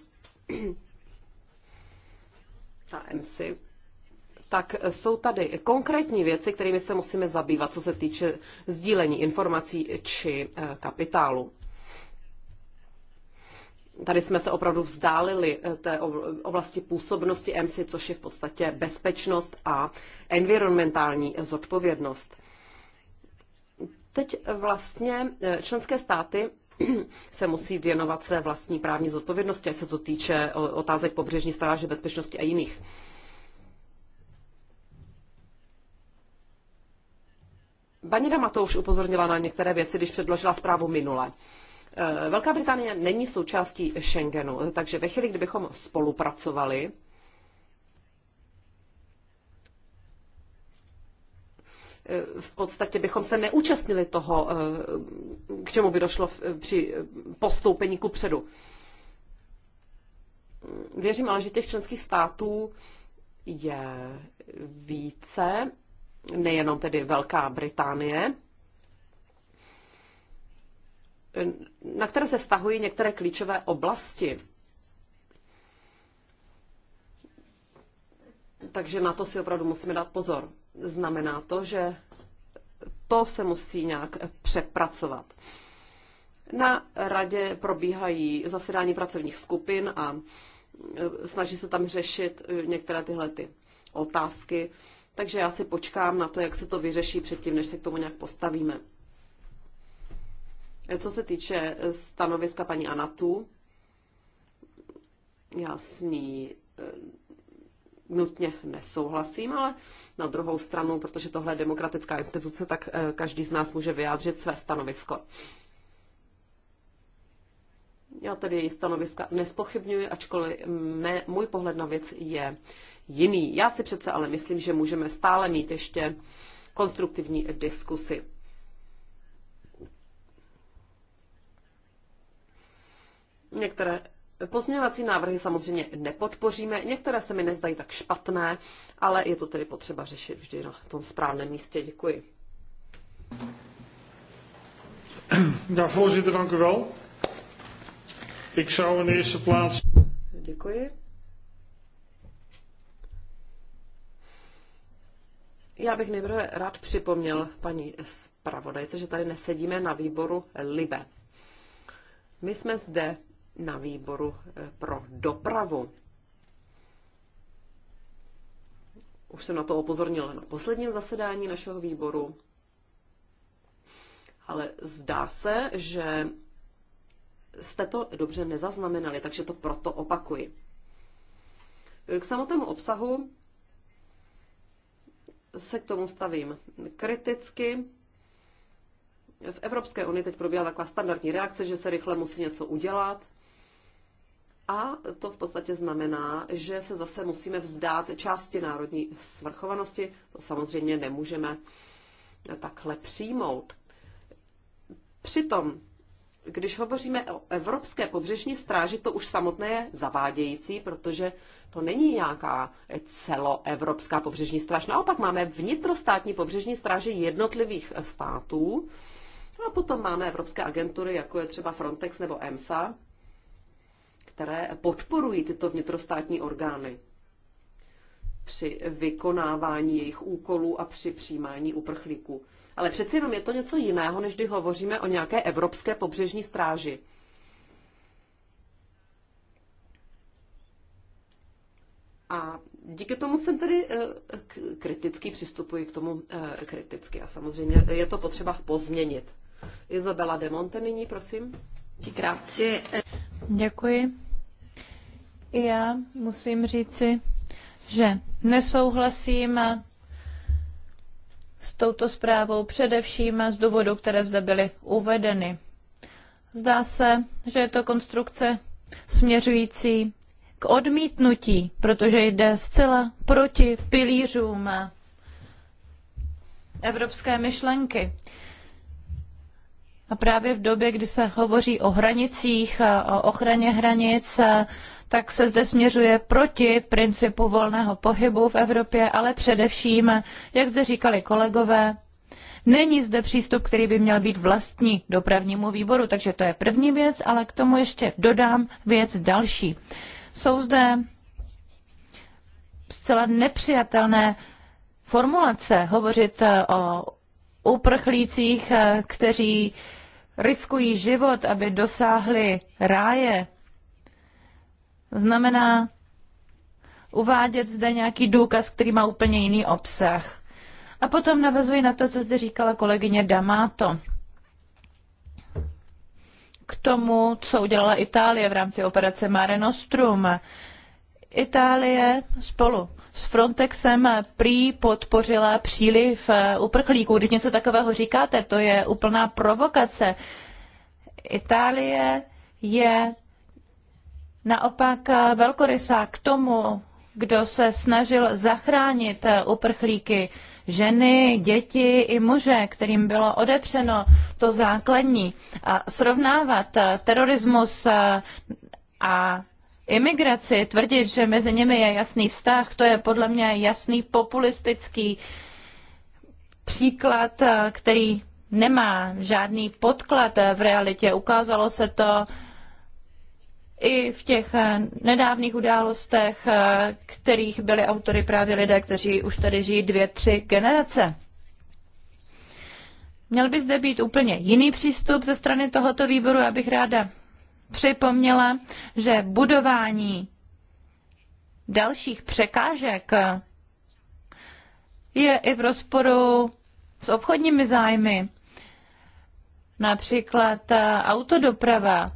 a EMSI, tak jsou tady konkrétní věci, kterými se musíme zabývat, co se týče sdílení informací či eh, kapitálu. Tady jsme se opravdu vzdálili eh, té oblasti působnosti MC, což je v podstatě bezpečnost a environmentální zodpovědnost. Teď vlastně eh, členské státy [clears throat] se musí věnovat své vlastní právní zodpovědnosti, ať se to týče otázek pobřežní stráže, bezpečnosti a jiných. Paní Damato už upozornila na některé věci, když předložila zprávu minule. Eh, Velká Británie není součástí Schengenu, takže ve chvíli, kdybychom spolupracovali, eh, v podstatě bychom se neúčastnili toho, eh, k čemu by došlo při postoupení ku předu. Věřím ale, že těch členských států je více nejenom tedy Velká Británie, na které se stahují některé klíčové oblasti. Takže na to si opravdu musíme dát pozor. Znamená to, že to se musí nějak přepracovat. Na radě probíhají zasedání pracovních skupin a e, snaží se tam řešit e, některé tyhle ty otázky. Takže já si počkám na to, jak se to vyřeší předtím, než se k tomu nějak postavíme. E, co se týče e, stanoviska paní Anatu, já s ní e, nutně nesouhlasím, ale na druhou stranu, protože tohle je demokratická instituce, tak každý z nás může vyjádřit své stanovisko. Já tedy její stanoviska nespochybňuji, ačkoliv mé, můj pohled na věc je jiný. Já si přece ale myslím, že můžeme stále mít ještě konstruktivní diskusy. Některé pozměňovací návrhy samozřejmě nepodpoříme, některé se mi nezdají tak špatné, ale je to tedy potřeba řešit vždy na tom správném místě. Děkuji. Ja, voorzitter, dank u wel. Ik zou in eerste plaats. Děkuji. Já bych nejprve rád připomněl paní zpravodajce, že tady nesedíme na výboru LIBE. My jsme zde na výboru eh, pro dopravu. Už jsem na to upozornila na posledním zasedání našeho výboru, ale zdá se, že jste to dobře nezaznamenali, takže to proto opakuji. K samotnému obsahu se k tomu stavím kriticky. V Evropské unii teď probíhá taková standardní reakce, že se rychle musí něco udělat. A to v podstatě znamená, že se zase musíme vzdát části národní svrchovanosti. To samozřejmě nemůžeme takhle přijmout. Přitom když hovoříme o Evropské pobřežní stráži, to už samotné je zavádějící, protože to není nějaká celoevropská pobřežní stráž. Naopak máme vnitrostátní pobřežní stráže jednotlivých států a potom máme evropské agentury, jako je třeba Frontex nebo EMSA, které podporují tyto vnitrostátní orgány při vykonávání jejich úkolů a při přijímání uprchlíků. Ale přeci jenom je to něco jiného, než když hovoříme o nějaké evropské pobřežní stráži. A díky tomu jsem tedy eh, kriticky přistupuji k tomu eh, kriticky. A samozřejmě je to potřeba pozměnit. Izabela de Monte nyní, prosím. Grazie. Děkuji. Já musím říci, že nesouhlasím s touto zprávou především z důvodů, které zde byly uvedeny. Zdá se, že je to konstrukce směřující k odmítnutí, protože jde zcela proti pilířům evropské myšlenky. A právě v době, kdy se hovoří o hranicích, o ochraně hranic, tak se zde směřuje proti principu volného pohybu v Evropě, ale především, jak zde říkali kolegové, Není zde přístup, který by měl být vlastní dopravnímu výboru, takže to je první věc, ale k tomu ještě dodám věc další. Jsou zde zcela nepřijatelné formulace hovořit o uprchlících, kteří riskují život, aby dosáhli ráje znamená uvádět zde nějaký důkaz, který má úplně jiný obsah. A potom navazuji na to, co zde říkala kolegyně Damato. K tomu, co udělala Itálie v rámci operace Mare Nostrum. Itálie spolu s Frontexem prý podpořila příliv eh, uprchlíků. Když něco takového říkáte, to je úplná provokace. Itálie je naopak eh, velkorysá k tomu, kdo se snažil zachránit eh, uprchlíky, ženy, děti i muže, kterým bylo odepřeno to základní. A srovnávat eh, terorismus a imigraci, tvrdit, že mezi nimi je jasný vztah, to je podle mě jasný populistický příklad, který nemá žádný podklad v realitě. Ukázalo se to i v těch eh, nedávných událostech, eh, kterých byli autory právě lidé, kteří už tady žijí dvě, tři generace. Měl by zde být úplně jiný přístup ze strany tohoto výboru. Já bych ráda připomněla, že budování dalších překážek eh, je i v rozporu s obchodními zájmy. Například autodoprava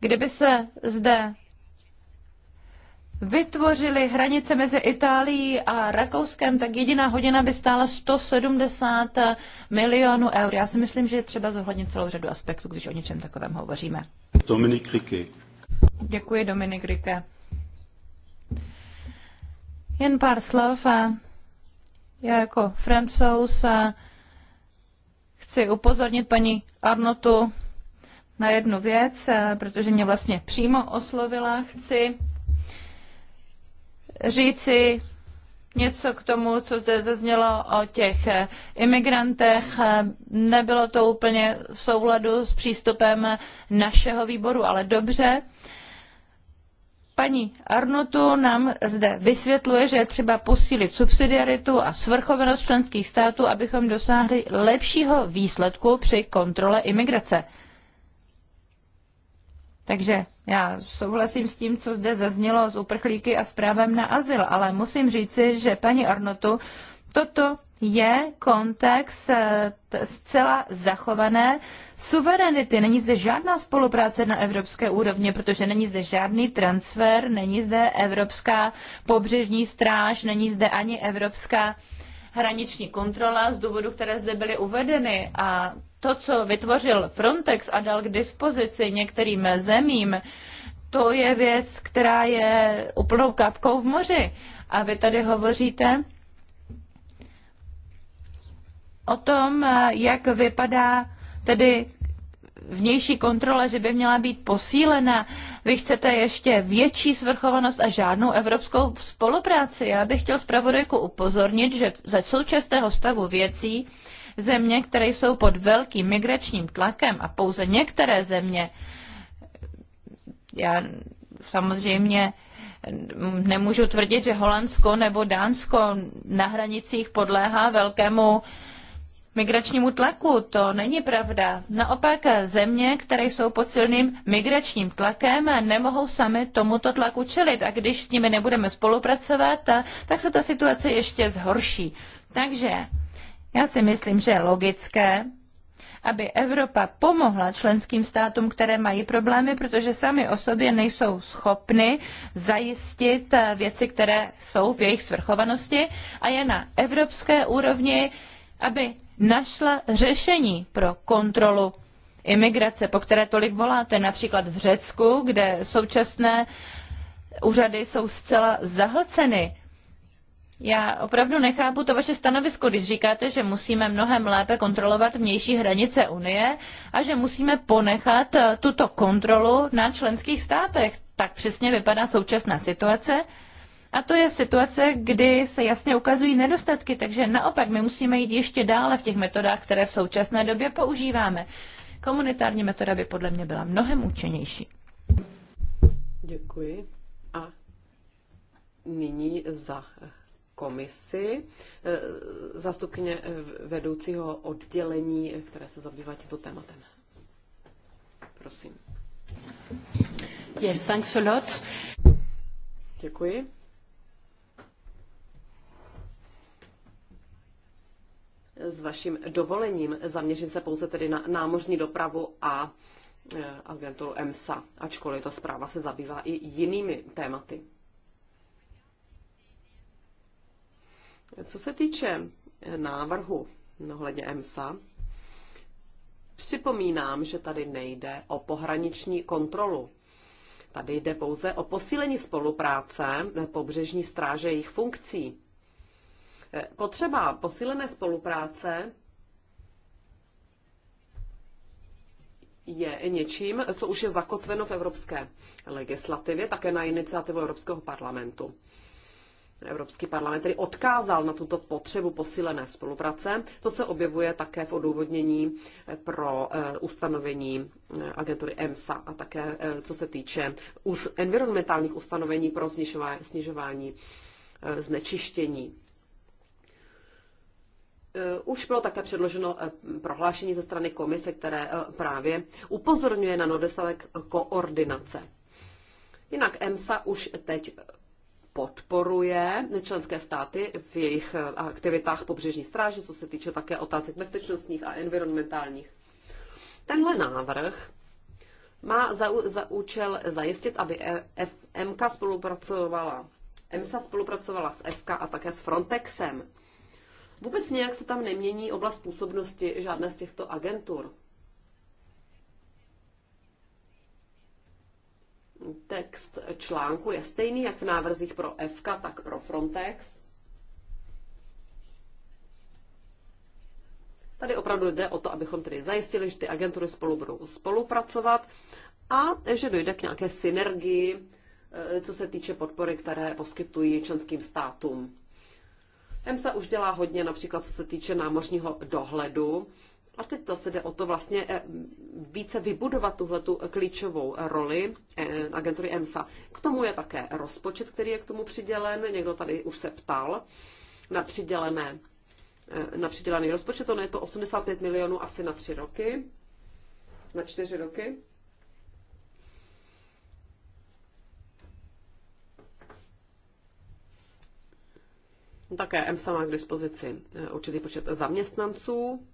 Kdyby se zde vytvořily hranice mezi Itálií a Rakouskem, tak jediná hodina by stála 170 milionů eur. Já si myslím, že je třeba zohlednit celou řadu aspektů, když o něčem takovém hovoříme. Dominik Rike. Děkuji, Dominik Rike. Jen pár slov. Já jako francouz chci upozornit paní Arnotu na jednu věc, eh, protože mě vlastně přímo oslovila. Chci říci něco k tomu, co zde zaznělo o těch eh, imigrantech. Eh, nebylo to úplně v souladu s přístupem našeho výboru, ale dobře. Paní Arnotu nám zde vysvětluje, že je třeba posílit subsidiaritu a svrchovanost členských států, abychom dosáhli lepšího výsledku při kontrole imigrace. Takže já souhlasím s tím, co zde zaznělo z uprchlíky a s právem na azyl, ale musím říci, že paní Arnotu, toto je kontext eh, zcela zachované suverenity. Není zde žádná spolupráce na evropské úrovni, protože není zde žádný transfer, není zde evropská pobřežní stráž, není zde ani evropská hraniční kontrola z důvodu, které zde byly uvedeny a to, co vytvořil Frontex a dal k dispozici některým zemím, to je věc, která je úplnou kapkou v moři. A vy tady hovoříte o tom, jak vypadá tedy vnější kontrola, že by měla být posílena. Vy chcete ještě větší svrchovanost a žádnou evropskou spolupráci. Já bych chtěl zpravodajku upozornit, že ze současného stavu věcí země, které jsou pod velkým migračním tlakem a pouze některé země, já samozřejmě nemůžu tvrdit, že Holandsko nebo Dánsko na hranicích podléhá velkému migračnímu tlaku. To není pravda. Naopak země, které jsou pod silným migračním tlakem, nemohou sami tomuto tlaku čelit. A když s nimi nebudeme spolupracovat, tak se ta situace ještě zhorší. Takže já si myslím, že je logické, aby Evropa pomohla členským státům, které mají problémy, protože sami o sobě nejsou schopny zajistit eh, věci, které jsou v jejich svrchovanosti a je na evropské úrovni, aby našla řešení pro kontrolu imigrace, po které tolik voláte, například v Řecku, kde současné úřady jsou zcela zahlceny já opravdu nechápu to vaše stanovisko, když říkáte, že musíme mnohem lépe kontrolovat vnější hranice Unie a že musíme ponechat eh, tuto kontrolu na členských státech. Tak přesně vypadá současná situace. A to je situace, kdy se jasně ukazují nedostatky, takže naopak my musíme jít ještě dále v těch metodách, které v současné době používáme. Komunitární metoda by podle mě byla mnohem účinnější. Děkuji. A nyní za komisi, eh, zastupkyně eh, vedoucího oddělení, které se zabývá tímto tématem. Prosím. Yes, thanks a lot. Děkuji. S vaším dovolením zaměřím se pouze tedy na námořní dopravu a eh, agenturu EMSA, ačkoliv ta zpráva se zabývá i jinými tématy. Co se týče návrhu ohledně EMSA, připomínám, že tady nejde o pohraniční kontrolu. Tady jde pouze o posílení spolupráce pobřežní stráže jejich funkcí. Potřeba posílené spolupráce je něčím, co už je zakotveno v evropské legislativě, také na iniciativu Evropského parlamentu. Evropský parlament tedy odkázal na tuto potřebu posílené spolupráce. To se objevuje také v odůvodnění pro eh, ustanovení eh, agentury EMSA a také eh, co se týče environmentálních ustanovení pro snižování znečištění. Už bylo také předloženo prohlášení ze strany komise, které právě upozorňuje na nedostatek koordinace. Jinak EMSA už teď podporuje členské státy v jejich eh, aktivitách pobřežní stráže, co se týče také otázek bezpečnostních a environmentálních. Tenhle návrh má za, za účel zajistit, aby e-, FMK spolupracovala, EMSA spolupracovala s FK a také s Frontexem. Vůbec nějak se tam nemění oblast působnosti žádné z těchto agentur. Text článku je stejný jak v návrzích pro FK, tak pro Frontex. Tady opravdu jde o to, abychom tedy zajistili, že ty agentury spolu budou spolupracovat a že dojde k nějaké synergii, eh, co se týče podpory, které poskytují členským státům. EMSA už dělá hodně, například co se týče námořního dohledu. A teď to se jde o to vlastně eh, více vybudovat tuhletu tu klíčovou roli eh, agentury EMSA. K tomu je také rozpočet, který je k tomu přidělen. Někdo tady už se ptal na přidělené eh, na přidělený rozpočet. Ono je to 85 milionů asi na tři roky, na čtyři roky. Také EMSA má k dispozici určitý počet zaměstnanců,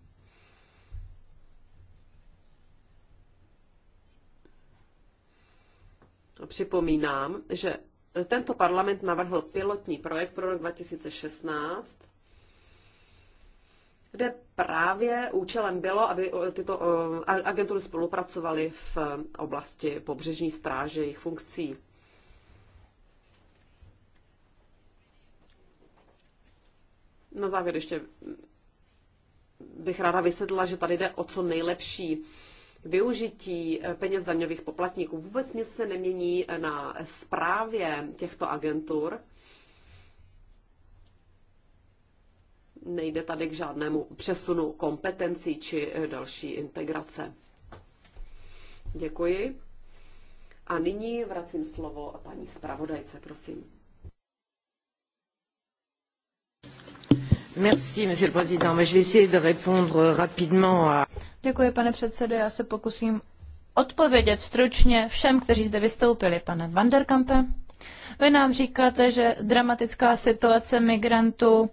Připomínám, že tento parlament navrhl pilotní projekt pro rok 2016, kde právě účelem bylo, aby tyto agentury spolupracovaly v oblasti pobřežní stráže, jejich funkcí. Na závěr ještě bych ráda vysvětlila, že tady jde o co nejlepší využití eh, peněz daňových poplatníků. Vůbec nic se nemění eh, na správě těchto agentur. Nejde tady k žádnému přesunu kompetencí či eh, další integrace. Děkuji. A nyní vracím slovo paní zpravodajce, prosím. Merci, monsieur le président. Mais je vais essayer de répondre rapidement à... Děkuji, pane předsedo. Já se pokusím odpovědět stručně všem, kteří zde vystoupili. Pane Vanderkampe, vy nám říkáte, že dramatická situace migrantů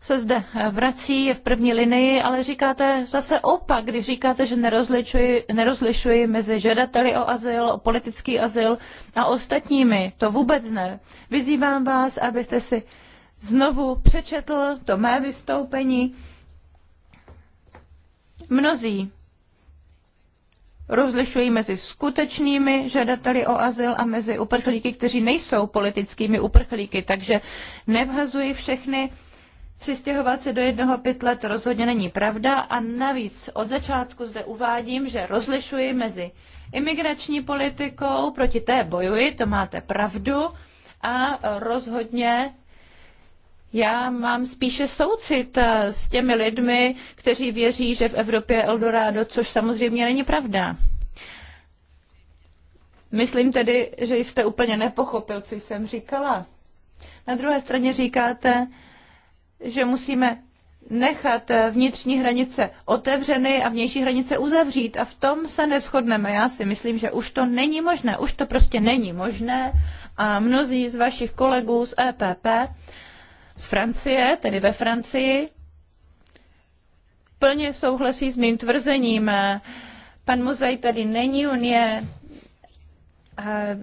se zde vrací, je v první linii, ale říkáte zase opak, když říkáte, že nerozlišuji, nerozlišuji mezi žadateli o azyl, o politický azyl a ostatními. To vůbec ne. Vyzývám vás, abyste si znovu přečetl to mé vystoupení Mnozí rozlišují mezi skutečnými žadateli o azyl a mezi uprchlíky, kteří nejsou politickými uprchlíky, takže nevhazují všechny Přistěhovat se do jednoho pytle to rozhodně není pravda a navíc od začátku zde uvádím, že rozlišuji mezi imigrační politikou, proti té bojuji, to máte pravdu, a rozhodně já mám spíše soucit eh, s těmi lidmi, kteří věří, že v Evropě je Eldorado, což samozřejmě není pravda. Myslím tedy, že jste úplně nepochopil, co jsem říkala. Na druhé straně říkáte, že musíme nechat eh, vnitřní hranice otevřeny a vnější hranice uzavřít. A v tom se neschodneme. Já si myslím, že už to není možné. Už to prostě není možné. A mnozí z vašich kolegů z EPP z Francie, tedy ve Francii, plně souhlasí s mým tvrzením. Pan Muzej tady není, on je eh,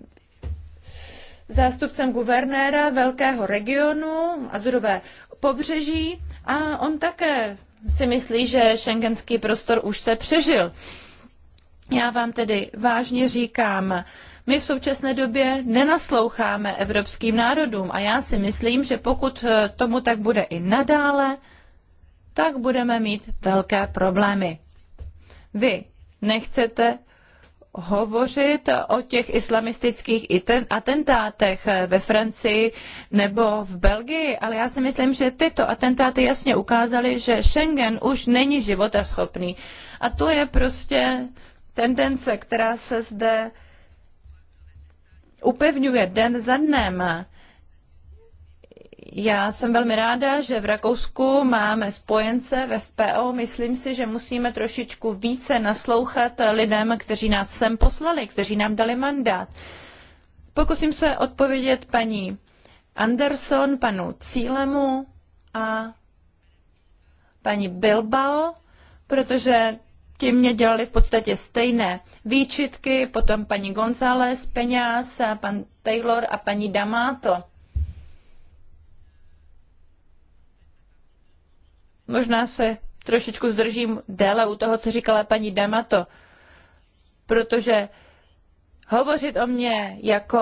zástupcem guvernéra velkého regionu Azurové pobřeží a on také si myslí, že šengenský prostor už se přežil. Já vám tedy vážně říkám, my v současné době nenasloucháme evropským národům a já si myslím, že pokud eh, tomu tak bude i nadále, tak budeme mít velké problémy. Vy nechcete hovořit o těch islamistických atentátech eh, ve Francii nebo v Belgii, ale já si myslím, že tyto atentáty jasně ukázaly, že Schengen už není životaschopný. A to je prostě tendence, která se zde upevňuje den za dnem. Já jsem velmi ráda, že v Rakousku máme spojence v FPO. Myslím si, že musíme trošičku více naslouchat lidem, kteří nás sem poslali, kteří nám dali mandát. Pokusím se odpovědět paní Anderson, panu Cílemu a paní Bilbao, protože ti mě dělali v podstatě stejné výčitky, potom paní González Peňáz, pan Taylor a paní Damato. Možná se trošičku zdržím déle u toho, co říkala paní Damato, protože hovořit o mně jako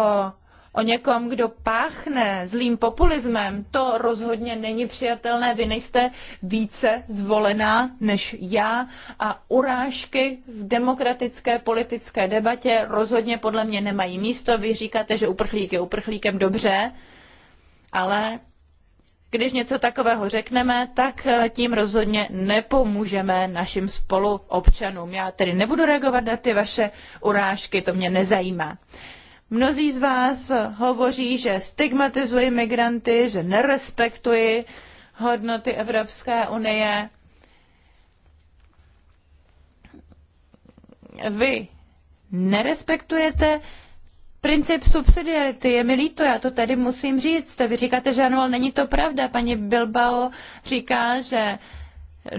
o někom, kdo páchne zlým populismem, to rozhodně není přijatelné. Vy nejste více zvolená než já a urážky v demokratické politické debatě rozhodně podle mě nemají místo. Vy říkáte, že uprchlík je uprchlíkem dobře, ale když něco takového řekneme, tak eh, tím rozhodně nepomůžeme našim spoluobčanům. Já tedy nebudu reagovat na ty vaše urážky, to mě nezajímá. Mnozí z vás hovoří, že stigmatizuji migranty, že nerespektuji hodnoty Evropské unie. Vy nerespektujete princip subsidiarity, je mi líto, já to tady musím říct. Vy říkáte, že ano, ale není to pravda. Paní Bilbao říká, že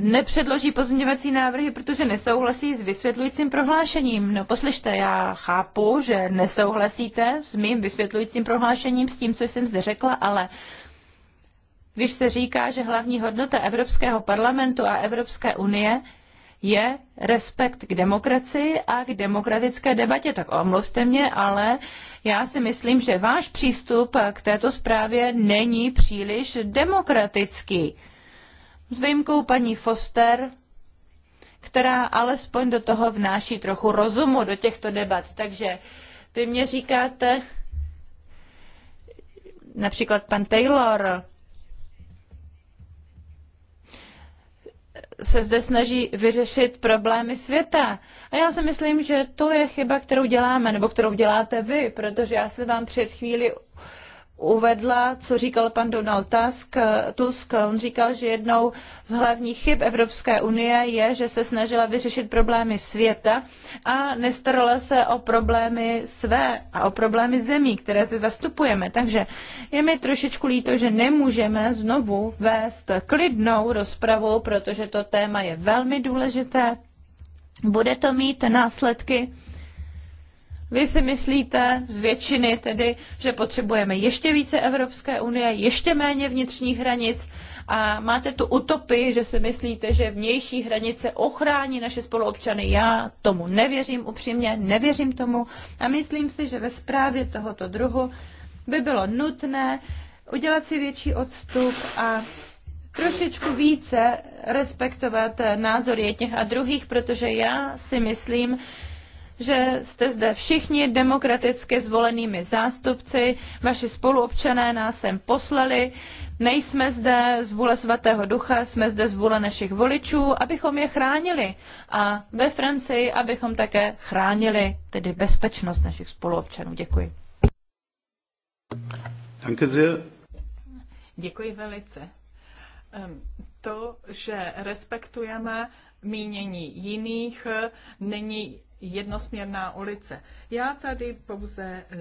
nepředloží pozměňovací návrhy, protože nesouhlasí s vysvětlujícím prohlášením. No poslyšte, já chápu, že nesouhlasíte s mým vysvětlujícím prohlášením, s tím, co jsem zde řekla, ale když se říká, že hlavní hodnota Evropského parlamentu a Evropské unie je respekt k demokracii a k demokratické debatě. Tak omluvte mě, ale já si myslím, že váš přístup k této zprávě není příliš demokratický s výjimkou paní Foster, která alespoň do toho vnáší trochu rozumu do těchto debat. Takže vy mě říkáte, například pan Taylor se zde snaží vyřešit problémy světa. A já si myslím, že to je chyba, kterou děláme, nebo kterou děláte vy, protože já jsem vám před chvíli uvedla, co říkal pan Donald Tusk. Tusk. On říkal, že jednou z hlavních chyb Evropské unie je, že se snažila vyřešit problémy světa a nestarala se o problémy své a o problémy zemí, které zde zastupujeme. Takže je mi trošičku líto, že nemůžeme znovu vést klidnou rozpravu, protože to téma je velmi důležité. Bude to mít následky vy si myslíte z většiny tedy, že potřebujeme ještě více Evropské unie, ještě méně vnitřních hranic a máte tu utopii, že si myslíte, že vnější hranice ochrání naše spoluobčany. Já tomu nevěřím upřímně, nevěřím tomu a myslím si, že ve zprávě tohoto druhu by bylo nutné udělat si větší odstup a trošičku více respektovat názory jedněch a druhých, protože já si myslím, že jste zde všichni demokraticky zvolenými zástupci, vaši spoluobčané nás sem poslali, nejsme zde z vůle svatého ducha, jsme zde z vůle našich voličů, abychom je chránili a ve Francii, abychom také chránili tedy bezpečnost našich spoluobčanů. Děkuji. Děkuji velice. To, že respektujeme mínění jiných, není jednosměrná ulice. Já tady pouze eh,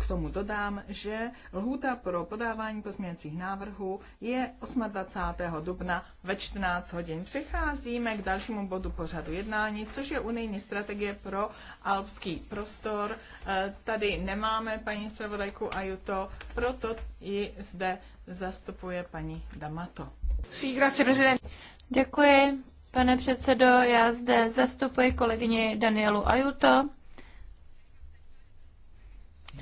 k tomu dodám, že lhůta pro podávání pozměňovacích návrhů je 28. dubna ve 14 hodin. Přecházíme k dalšímu bodu pořadu jednání, což je unijní strategie pro alpský prostor. Eh, tady nemáme paní zpravodajku Ajuto, proto ji zde zastupuje paní Damato. Děkuji, Pane předsedo, já zde zastupuji kolegyni Danielu Ajuto,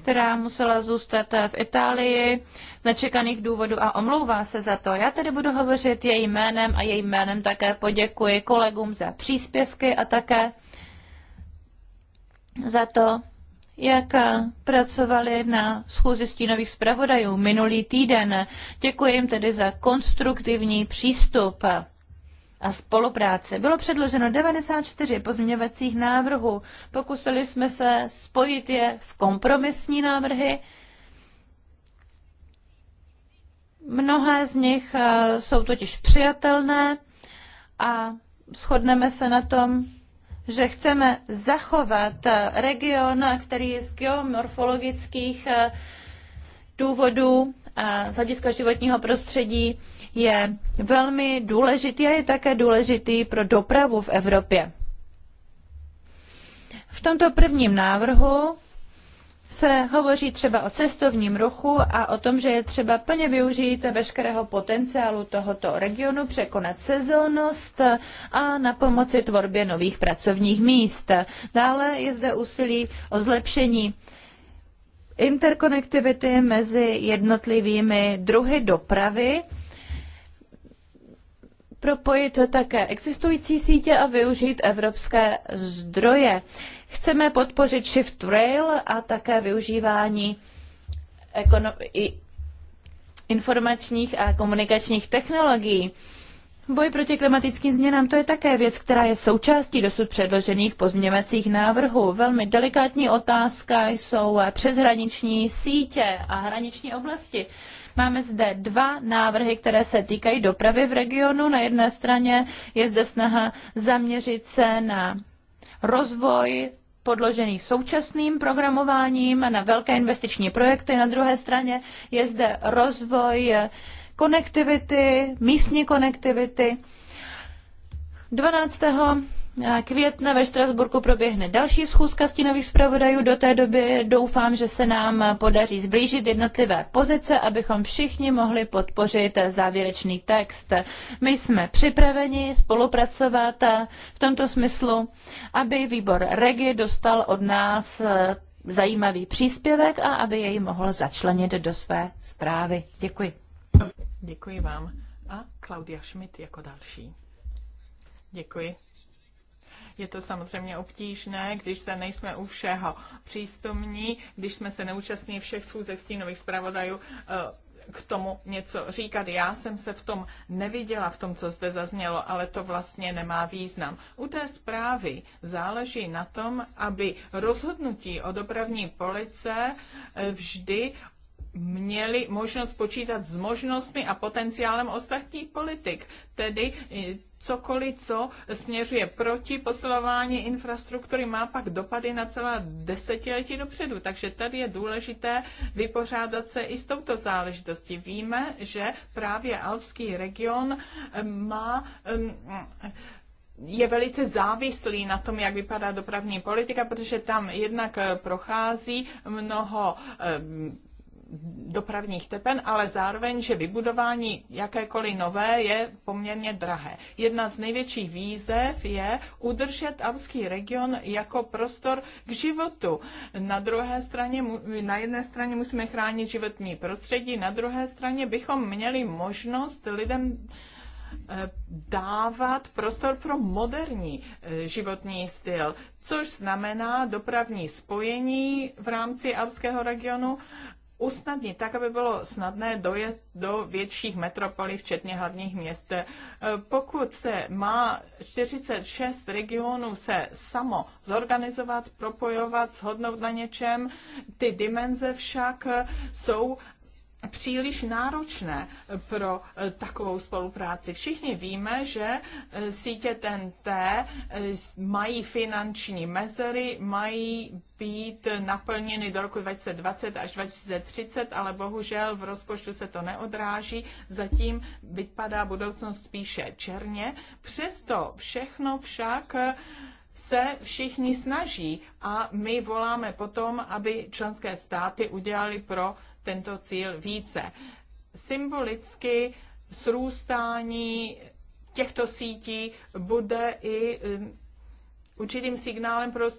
která musela zůstat v Itálii z nečekaných důvodů a omlouvá se za to. Já tedy budu hovořit jejím jménem a jejím jménem také poděkuji kolegům za příspěvky a také za to, jak pracovali na schůzi stínových zpravodajů minulý týden. Děkuji jim tedy za konstruktivní přístup a spolupráci. Bylo předloženo 94 pozměňovacích návrhů. Pokusili jsme se spojit je v kompromisní návrhy. Mnohé z nich eh, jsou totiž přijatelné a shodneme se na tom, že chceme zachovat eh, region, který z geomorfologických eh, důvodů a z hlediska životního prostředí je velmi důležitý a je také důležitý pro dopravu v Evropě. V tomto prvním návrhu se hovoří třeba o cestovním ruchu a o tom, že je třeba plně využít veškerého potenciálu tohoto regionu, překonat sezónnost a na pomoci tvorbě nových pracovních míst. Dále je zde úsilí o zlepšení interkonektivity mezi jednotlivými druhy dopravy propojit také existující sítě a využít evropské zdroje. Chceme podpořit Shift Rail a také využívání informačních a komunikačních technologií. Boj proti klimatickým změnám to je také věc, která je součástí dosud předložených pozměňovacích návrhů. Velmi delikátní otázka jsou přeshraniční sítě a hraniční oblasti. Máme zde dva návrhy, které se týkají dopravy v regionu. Na jedné straně je zde snaha zaměřit se na rozvoj podložený současným programováním a na velké investiční projekty. Na druhé straně je zde rozvoj konektivity, místní konektivity. 12 května ve Štrasburku proběhne další schůzka stínových zpravodajů. Do té doby doufám, že se nám podaří zblížit jednotlivé pozice, abychom všichni mohli podpořit závěrečný text. My jsme připraveni spolupracovat v tomto smyslu, aby výbor Regi dostal od nás zajímavý příspěvek a aby jej mohl začlenit do své zprávy. Děkuji. Děkuji vám. A Klaudia Schmidt jako další. Děkuji. Je to samozřejmě obtížné, když se nejsme u všeho přístupní, když jsme se neúčastní všech schůzek stínových zpravodajů, eh, k tomu něco říkat. Já jsem se v tom neviděla, v tom, co zde zaznělo, ale to vlastně nemá význam. U té zprávy záleží na tom, aby rozhodnutí o dopravní police eh, vždy měli možnost počítat s možnostmi a potenciálem ostatních politik. Tedy eh, cokoliv, co směřuje proti posilování infrastruktury, má pak dopady na celá desetiletí dopředu. Takže tady je důležité vypořádat se i s touto záležitostí. Víme, že právě alpský region eh, má je velice závislý na tom, jak vypadá dopravní politika, protože tam jednak eh, prochází mnoho dopravních tepen, ale zároveň, že vybudování jakékoliv nové je poměrně drahé. Jedna z největších výzev je udržet alpský region jako prostor k životu. Na druhé straně, na jedné straně musíme chránit životní prostředí, na druhé straně bychom měli možnost lidem eh, dávat prostor pro moderní eh, životní styl, což znamená dopravní spojení v rámci alpského regionu, usnadnit, tak aby bylo snadné dojet do větších metropolí, včetně hlavních měst. E, pokud se má 46 regionů se samo zorganizovat, propojovat, shodnout na něčem, ty dimenze však jsou příliš náročné pro eh, takovou spolupráci. Všichni víme, že eh, sítě TNT eh, mají finanční mezery, mají být naplněny do roku 2020 až 2030, ale bohužel v rozpočtu se to neodráží. Zatím vypadá budoucnost spíše černě. Přesto všechno však se všichni snaží a my voláme potom, aby členské státy udělali pro tento cíl více. Symbolicky srůstání těchto sítí bude i um, určitým signálem pro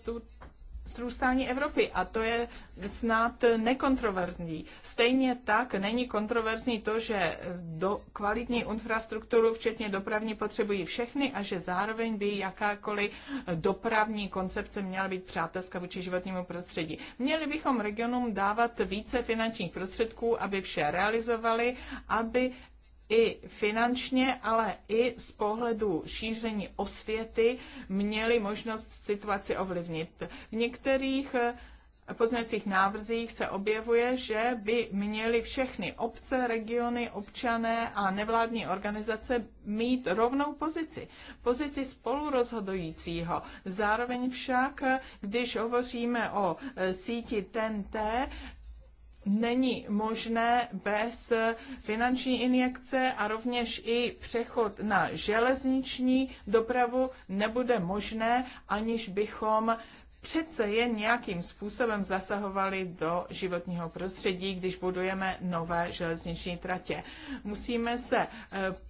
strůstání Evropy a to je snad nekontroverzní. Stejně tak není kontroverzní to, že do kvalitní infrastrukturu, včetně dopravní, potřebují všechny a že zároveň by jakákoliv dopravní koncepce měla být přátelská vůči životnímu prostředí. Měli bychom regionům dávat více finančních prostředků, aby vše realizovali, aby i finančně, ale i z pohledu šíření osvěty měli možnost situaci ovlivnit. V některých eh, pozměcích návrzích se objevuje, že by měly všechny obce, regiony, občané a nevládní organizace mít rovnou pozici. Pozici spolurozhodujícího. Zároveň však, eh, když hovoříme o eh, síti TNT, není možné bez finanční injekce a rovněž i přechod na železniční dopravu nebude možné, aniž bychom přece jen nějakým způsobem zasahovali do životního prostředí, když budujeme nové železniční tratě. Musíme se eh,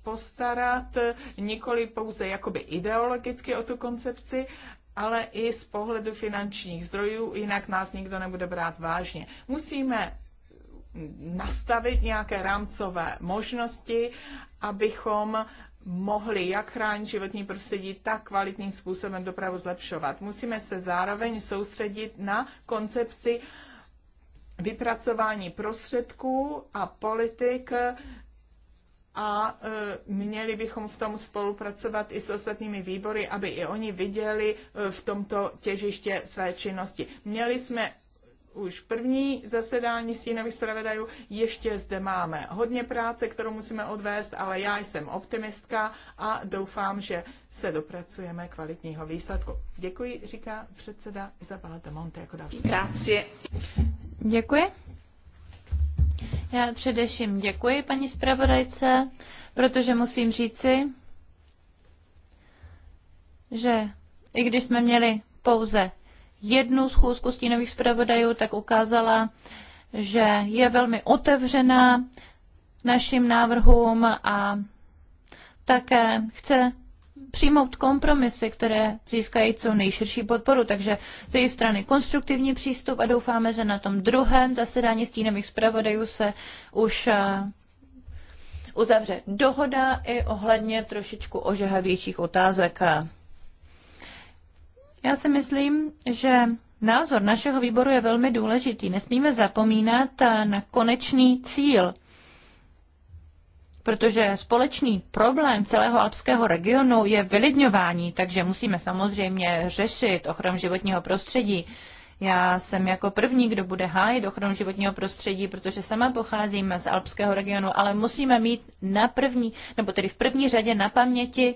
postarat eh, nikoli pouze jakoby ideologicky o tu koncepci, ale i z pohledu finančních zdrojů, jinak nás nikdo nebude brát vážně. Musíme nastavit nějaké rámcové možnosti, abychom mohli jak chránit životní prostředí, tak kvalitním způsobem dopravu zlepšovat. Musíme se zároveň soustředit na koncepci vypracování prostředků a politik a e, měli bychom v tom spolupracovat i s ostatními výbory, aby i oni viděli e, v tomto těžiště své činnosti. Měli jsme už první zasedání stínových zpravodajů. Ještě zde máme hodně práce, kterou musíme odvést, ale já jsem optimistka a doufám, že se dopracujeme kvalitního výsledku. Děkuji, říká předseda Izabela de Monte jako další. Grazie. Děkuji. Já především děkuji paní zpravodajce, protože musím říci, že i když jsme měli pouze jednu schůzku stínových zpravodajů, tak ukázala, že je velmi otevřená našim návrhům a také chce přijmout kompromisy, které získají co nejširší podporu. Takže z její strany konstruktivní přístup a doufáme, že na tom druhém zasedání stínových zpravodajů se už eh, uzavře dohoda i ohledně trošičku ožehavějších otázek. Já si myslím, že názor našeho výboru je velmi důležitý. Nesmíme zapomínat eh, na konečný cíl, protože společný problém celého alpského regionu je vylidňování, takže musíme samozřejmě řešit ochranu životního prostředí. Já jsem jako první, kdo bude hájit ochranu životního prostředí, protože sama pocházím z alpského regionu, ale musíme mít na první, nebo tedy v první řadě na paměti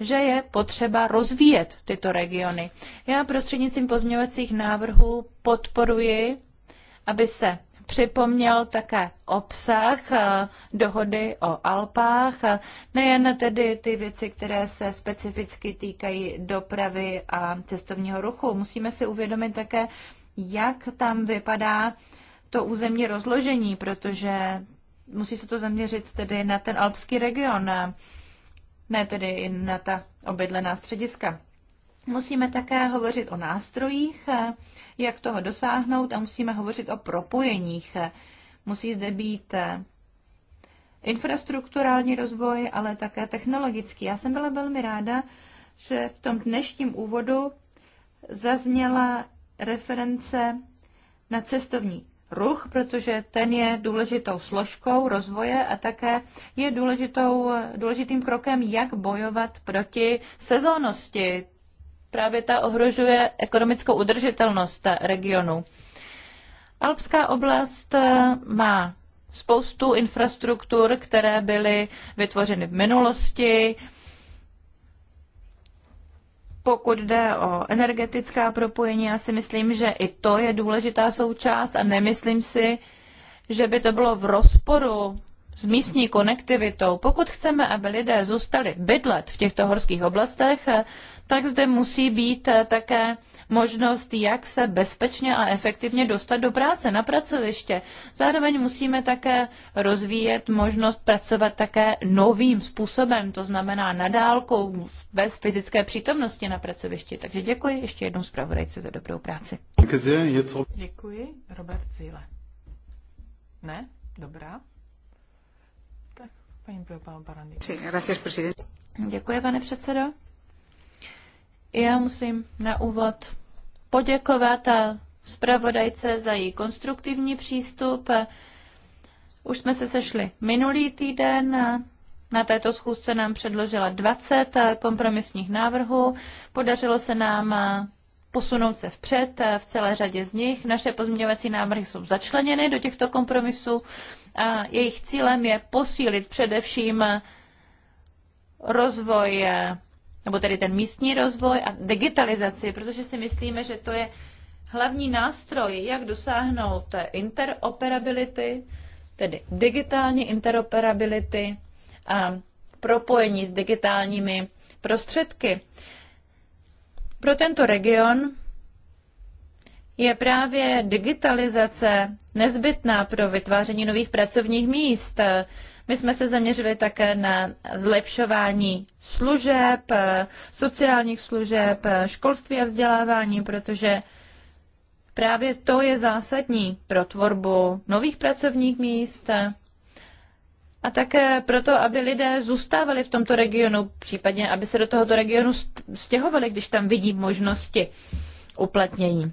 že je potřeba rozvíjet tyto regiony. Já prostřednictvím pozměňovacích návrhů podporuji, aby se připomněl také obsah eh, dohody o Alpách, eh, nejen tedy ty věci, které se specificky týkají dopravy a cestovního ruchu. Musíme si uvědomit také, jak tam vypadá to územní rozložení, protože musí se to zaměřit tedy na ten alpský region ne tedy i na ta obydlená střediska. Musíme také hovořit o nástrojích, eh, jak toho dosáhnout a musíme hovořit o propojeních. Eh, Musí zde být eh, infrastrukturální rozvoj, ale také technologický. Já jsem byla velmi ráda, že v tom dnešním úvodu zazněla reference na cestovní ruch, protože ten je důležitou složkou rozvoje a také je důležitou, důležitým krokem, jak bojovat proti sezónnosti. Právě ta ohrožuje ekonomickou udržitelnost regionu. Alpská oblast eh, má spoustu infrastruktur, které byly vytvořeny v minulosti, pokud jde o energetická propojení, já si myslím, že i to je důležitá součást a nemyslím si, že by to bylo v rozporu s místní konektivitou. Pokud chceme, aby lidé zůstali bydlet v těchto horských oblastech, tak zde musí být také možnost, jak se bezpečně a efektivně dostat do práce, na pracoviště. Zároveň musíme také rozvíjet možnost pracovat také novým způsobem, to znamená nadálkou, bez fyzické přítomnosti na pracovišti. Takže děkuji ještě jednou zpravodajce za dobrou práci. Děkuji, Robert Cíle. Ne? Dobrá. Tak, paní Děkuji, pane předsedo. Já musím na úvod poděkovat a zpravodajce za její konstruktivní přístup. Už jsme se sešli minulý týden a na této schůzce nám předložila 20 kompromisních návrhů. Podařilo se nám posunout se vpřed v celé řadě z nich. Naše pozměňovací návrhy jsou začleněny do těchto kompromisů a jejich cílem je posílit především rozvoj nebo tedy ten místní rozvoj a digitalizaci, protože si myslíme, že to je hlavní nástroj, jak dosáhnout té interoperability, tedy digitální interoperability a propojení s digitálními prostředky. Pro tento region je právě digitalizace nezbytná pro vytváření nových pracovních míst. My jsme se zaměřili také na zlepšování služeb, eh, sociálních služeb, eh, školství a vzdělávání, protože právě to je zásadní pro tvorbu nových pracovních míst a také proto, aby lidé zůstávali v tomto regionu, případně aby se do tohoto regionu stěhovali, když tam vidí možnosti uplatnění.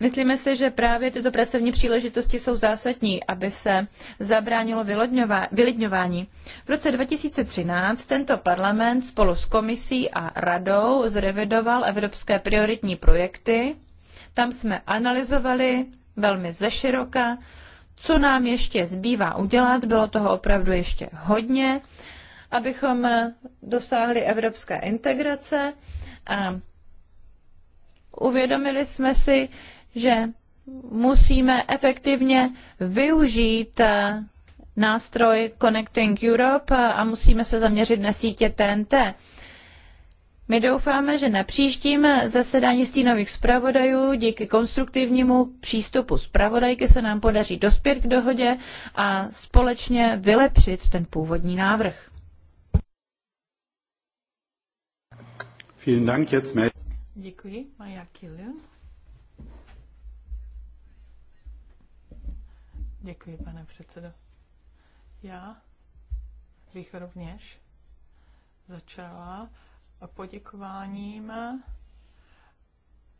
Myslíme si, že právě tyto pracovní příležitosti jsou zásadní, aby se zabránilo vylidňování. V roce 2013 tento parlament spolu s komisí a radou zrevidoval evropské prioritní projekty. Tam jsme analyzovali velmi zeširoka, co nám ještě zbývá udělat, bylo toho opravdu ještě hodně, abychom dosáhli evropské integrace a uvědomili jsme si, že musíme efektivně využít eh, nástroj Connecting Europe eh, a musíme se zaměřit na sítě TNT. My doufáme, že na příštím eh, zasedání stínových zpravodajů díky konstruktivnímu přístupu zpravodajky se nám podaří dospět k dohodě a společně vylepšit ten původní návrh. Děkuji, Maja Děkuji, pane předsedo. Já bych rovněž začala poděkováním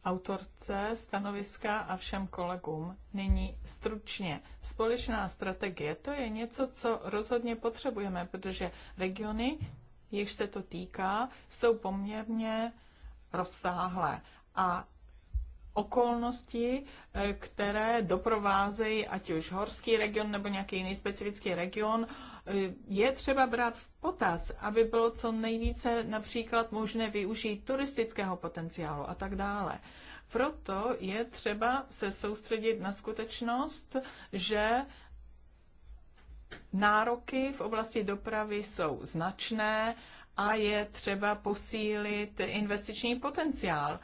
autorce stanoviska a všem kolegům. Nyní stručně. Společná strategie, to je něco, co rozhodně potřebujeme, protože regiony, jichž se to týká, jsou poměrně rozsáhlé. A okolnosti, eh, které doprovázejí ať už horský region nebo nějaký jiný specifický region, eh, je třeba brát v potaz, aby bylo co nejvíce například možné využít turistického potenciálu a tak dále. Proto je třeba se soustředit na skutečnost, že nároky v oblasti dopravy jsou značné a je třeba posílit investiční potenciál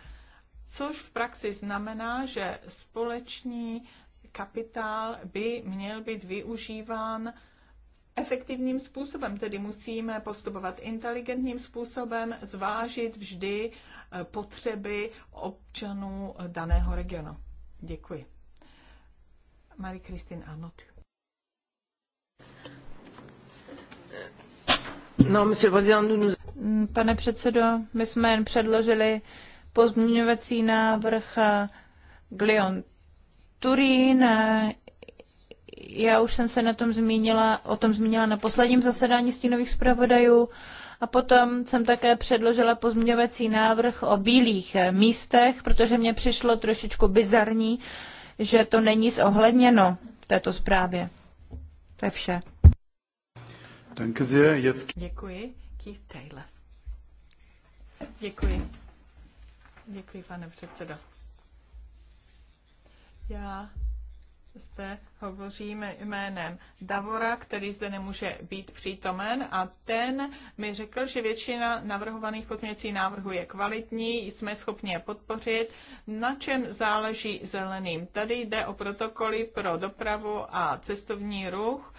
což v praxi znamená, že společný kapitál by měl být využíván efektivním způsobem, tedy musíme postupovat inteligentním způsobem, zvážit vždy eh, potřeby občanů daného regionu. Děkuji. Marie-Christine Arnott. No, Pane předsedo, my jsme jen předložili Pozměňovací návrh eh, Glion Turín. Eh, já už jsem se na tom zmínila, o tom zmínila na posledním zasedání stínových zpravodajů. A potom jsem také předložila pozměňovací návrh o bílých eh, místech, protože mně přišlo trošičku bizarní, že to není zohledněno v této zprávě. To je vše. Děkuji. Keith Taylor. Děkuji. Děkuji, pane předsedo. Já zde hovoříme jménem Davora, který zde nemůže být přítomen a ten mi řekl, že většina navrhovaných pozměcí návrhů je kvalitní, jsme schopni je podpořit. Na čem záleží zeleným? Tady jde o protokoly pro dopravu a cestovní ruch,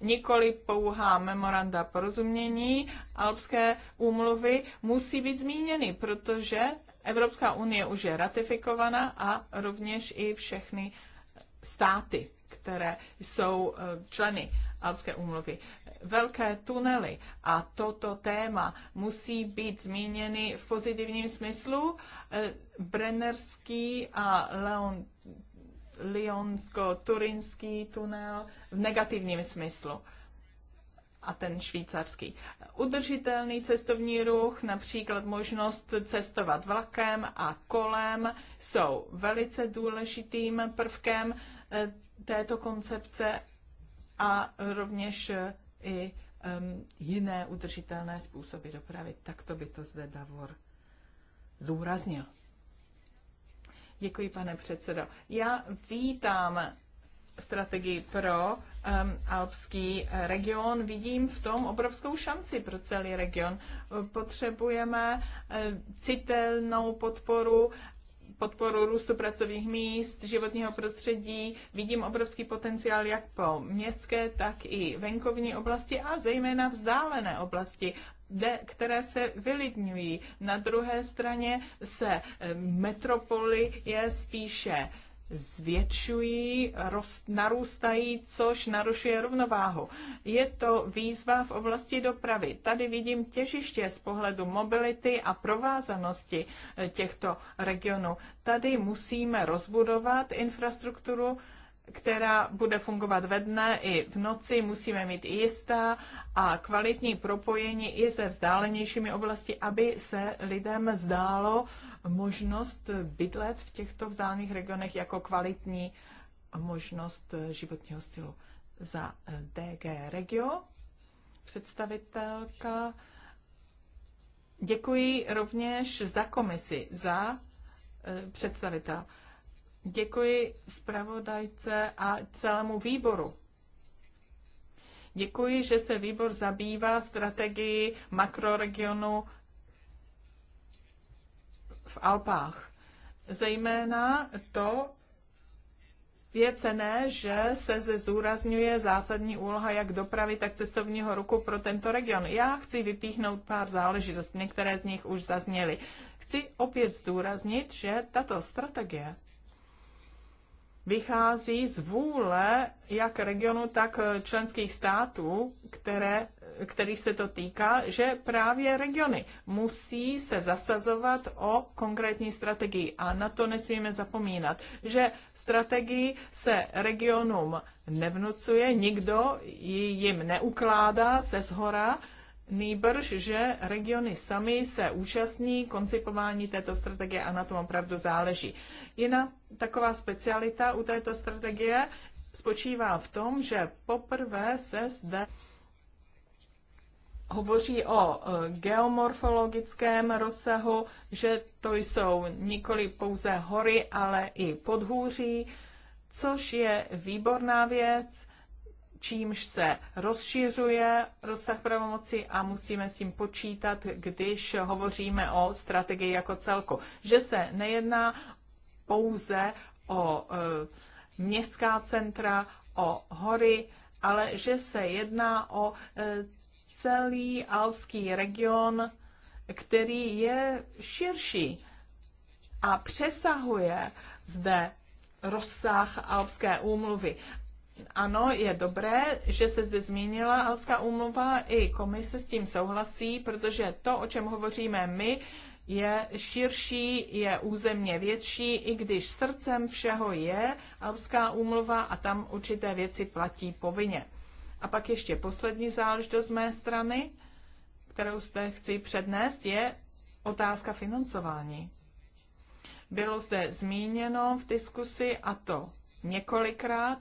nikoli pouhá memoranda porozumění, alpské úmluvy musí být zmíněny, protože Evropská unie už je ratifikovaná a rovněž i všechny státy, které jsou eh, členy Alpské úmluvy. Velké tunely a toto téma musí být zmíněny v pozitivním smyslu. Eh, Brennerský a Leon, Lyonsko-Turinský tunel v negativním smyslu a ten švýcarský. Udržitelný cestovní ruch, například možnost cestovat vlakem a kolem, jsou velice důležitým prvkem eh, této koncepce a rovněž eh, i um, jiné udržitelné způsoby dopravy. Tak to by to zde Davor zúraznil. Děkuji, pane předsedo. Já vítám strategii pro um, alpský eh, region, vidím v tom obrovskou šanci pro celý region. Potřebujeme uh, citelnou podporu podporu růstu pracovních míst, životního prostředí. Vidím obrovský potenciál jak po městské, tak i venkovní oblasti a zejména vzdálené oblasti které se vylidňují. Na druhé straně se eh, metropoly je spíše zvětšují, rost, narůstají, což narušuje rovnováhu. Je to výzva v oblasti dopravy. Tady vidím těžiště z pohledu mobility a provázanosti eh, těchto regionů. Tady musíme rozbudovat infrastrukturu, která bude fungovat ve dne i v noci, musíme mít jistá a kvalitní propojení i se vzdálenějšími oblasti, aby se lidem zdálo, možnost bydlet v těchto vzdálených regionech jako kvalitní možnost životního stylu. Za eh, DG Regio představitelka. Děkuji rovněž za komisi, za eh, představitel. Děkuji zpravodajce a celému výboru. Děkuji, že se výbor zabývá strategií makroregionu v Alpách. Zejména to je cené, že se zde zdůrazňuje zásadní úloha jak dopravy, tak cestovního ruku pro tento region. Já chci vypíchnout pár záležitostí, některé z nich už zazněly. Chci opět zdůraznit, že tato strategie vychází z vůle jak regionu, tak eh, členských států, které, eh, který se to týká, že právě regiony musí se zasazovat o konkrétní strategii. A na to nesmíme zapomínat, že strategii se regionům nevnucuje, nikdo ji jim neukládá se zhora, Nýbrž, že regiony sami se účastní koncipování této strategie a na tom opravdu záleží. Jiná taková specialita u této strategie spočívá v tom, že poprvé se zde hovoří o e, geomorfologickém rozsahu, že to jsou nikoli pouze hory, ale i podhůří, což je výborná věc čímž se rozšiřuje rozsah pravomoci a musíme s tím počítat, když hovoříme o strategii jako celku. Že se nejedná pouze o e, městská centra, o hory, ale že se jedná o e, celý alpský region, který je širší a přesahuje zde rozsah Alpské úmluvy ano, je dobré, že se zde zmínila Alská úmluva, i komise s tím souhlasí, protože to, o čem hovoříme my, je širší, je územně větší, i když srdcem všeho je Alská úmluva a tam určité věci platí povinně. A pak ještě poslední záležitost z mé strany, kterou jste chci přednést, je otázka financování. Bylo zde zmíněno v diskusi a to několikrát,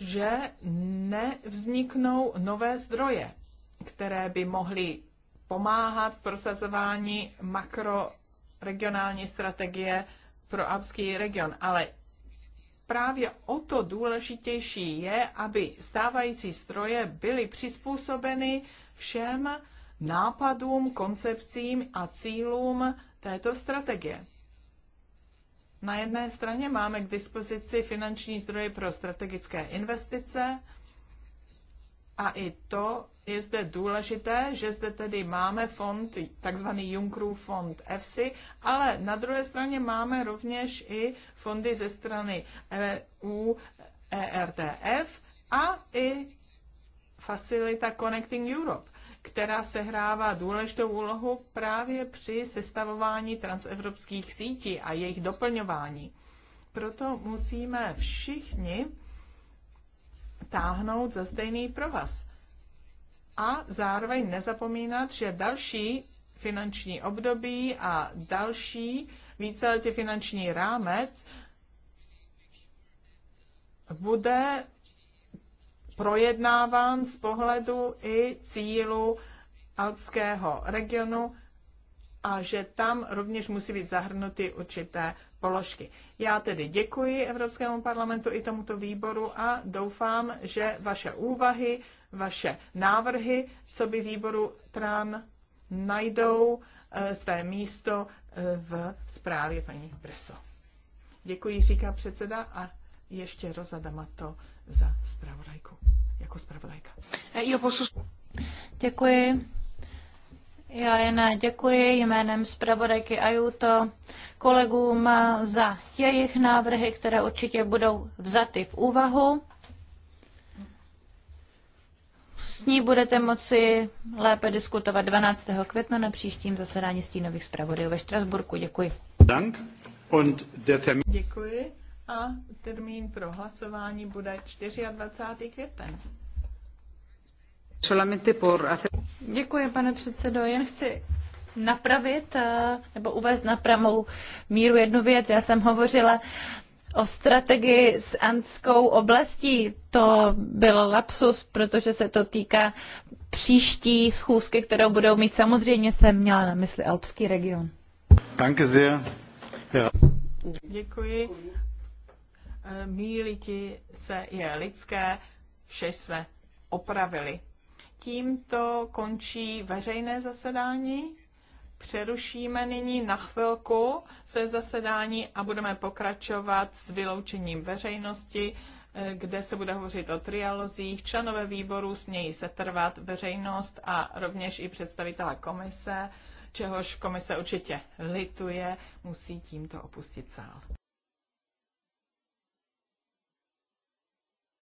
že nevzniknou nové zdroje, které by mohly pomáhat v prosazování makroregionální strategie pro alpský region. Ale právě o to důležitější je, aby stávající stroje byly přizpůsobeny všem nápadům, koncepcím a cílům této strategie. Na jedné straně máme k dispozici finanční zdroje pro strategické investice a i to je zde důležité, že zde tedy máme fond, takzvaný Junckerův fond EFSI, ale na druhé straně máme rovněž i fondy ze strany EU, ERTF a i facilita Connecting Europe která sehrává důležitou úlohu právě při sestavování transevropských sítí a jejich doplňování. Proto musíme všichni táhnout za stejný provaz a zároveň nezapomínat, že další finanční období a další víceletý finanční rámec bude projednáván z pohledu i cílu alpského regionu a že tam rovněž musí být zahrnuty určité položky. Já tedy děkuji Evropskému parlamentu i tomuto výboru a doufám, že vaše úvahy, vaše návrhy, co by výboru TRAN najdou eh, své místo eh, v zprávě paní Breso. Děkuji, říká předseda a ještě Rozadama to za zpravodajku, jako zpravodajka. Děkuji. Já jen děkuji jménem zpravodajky Ajuto kolegům za jejich návrhy, které určitě budou vzaty v úvahu. S ní budete moci lépe diskutovat 12. května na příštím zasedání stínových zpravodajů ve Štrasburku. Děkuji. Dank. Und der Děkuji a termín pro hlasování bude 24. květen. Děkuji, pane předsedo. Jen chci napravit eh, nebo uvést na pramou míru jednu věc. Já jsem hovořila o strategii s Andskou oblastí. To byl lapsus, protože se to týká příští schůzky, kterou budou mít. Samozřejmě jsem měla na mysli Alpský region. Danke sehr. Ja. Děkuji mýliti se je lidské, vše jsme opravili. Tímto končí veřejné zasedání. Přerušíme nyní na chvilku své zasedání a budeme pokračovat s vyloučením veřejnosti, eh, kde se bude hovořit o trialozích. Členové výboru smějí setrvat veřejnost a rovněž i představitele komise, čehož komise určitě lituje, musí tímto opustit sál.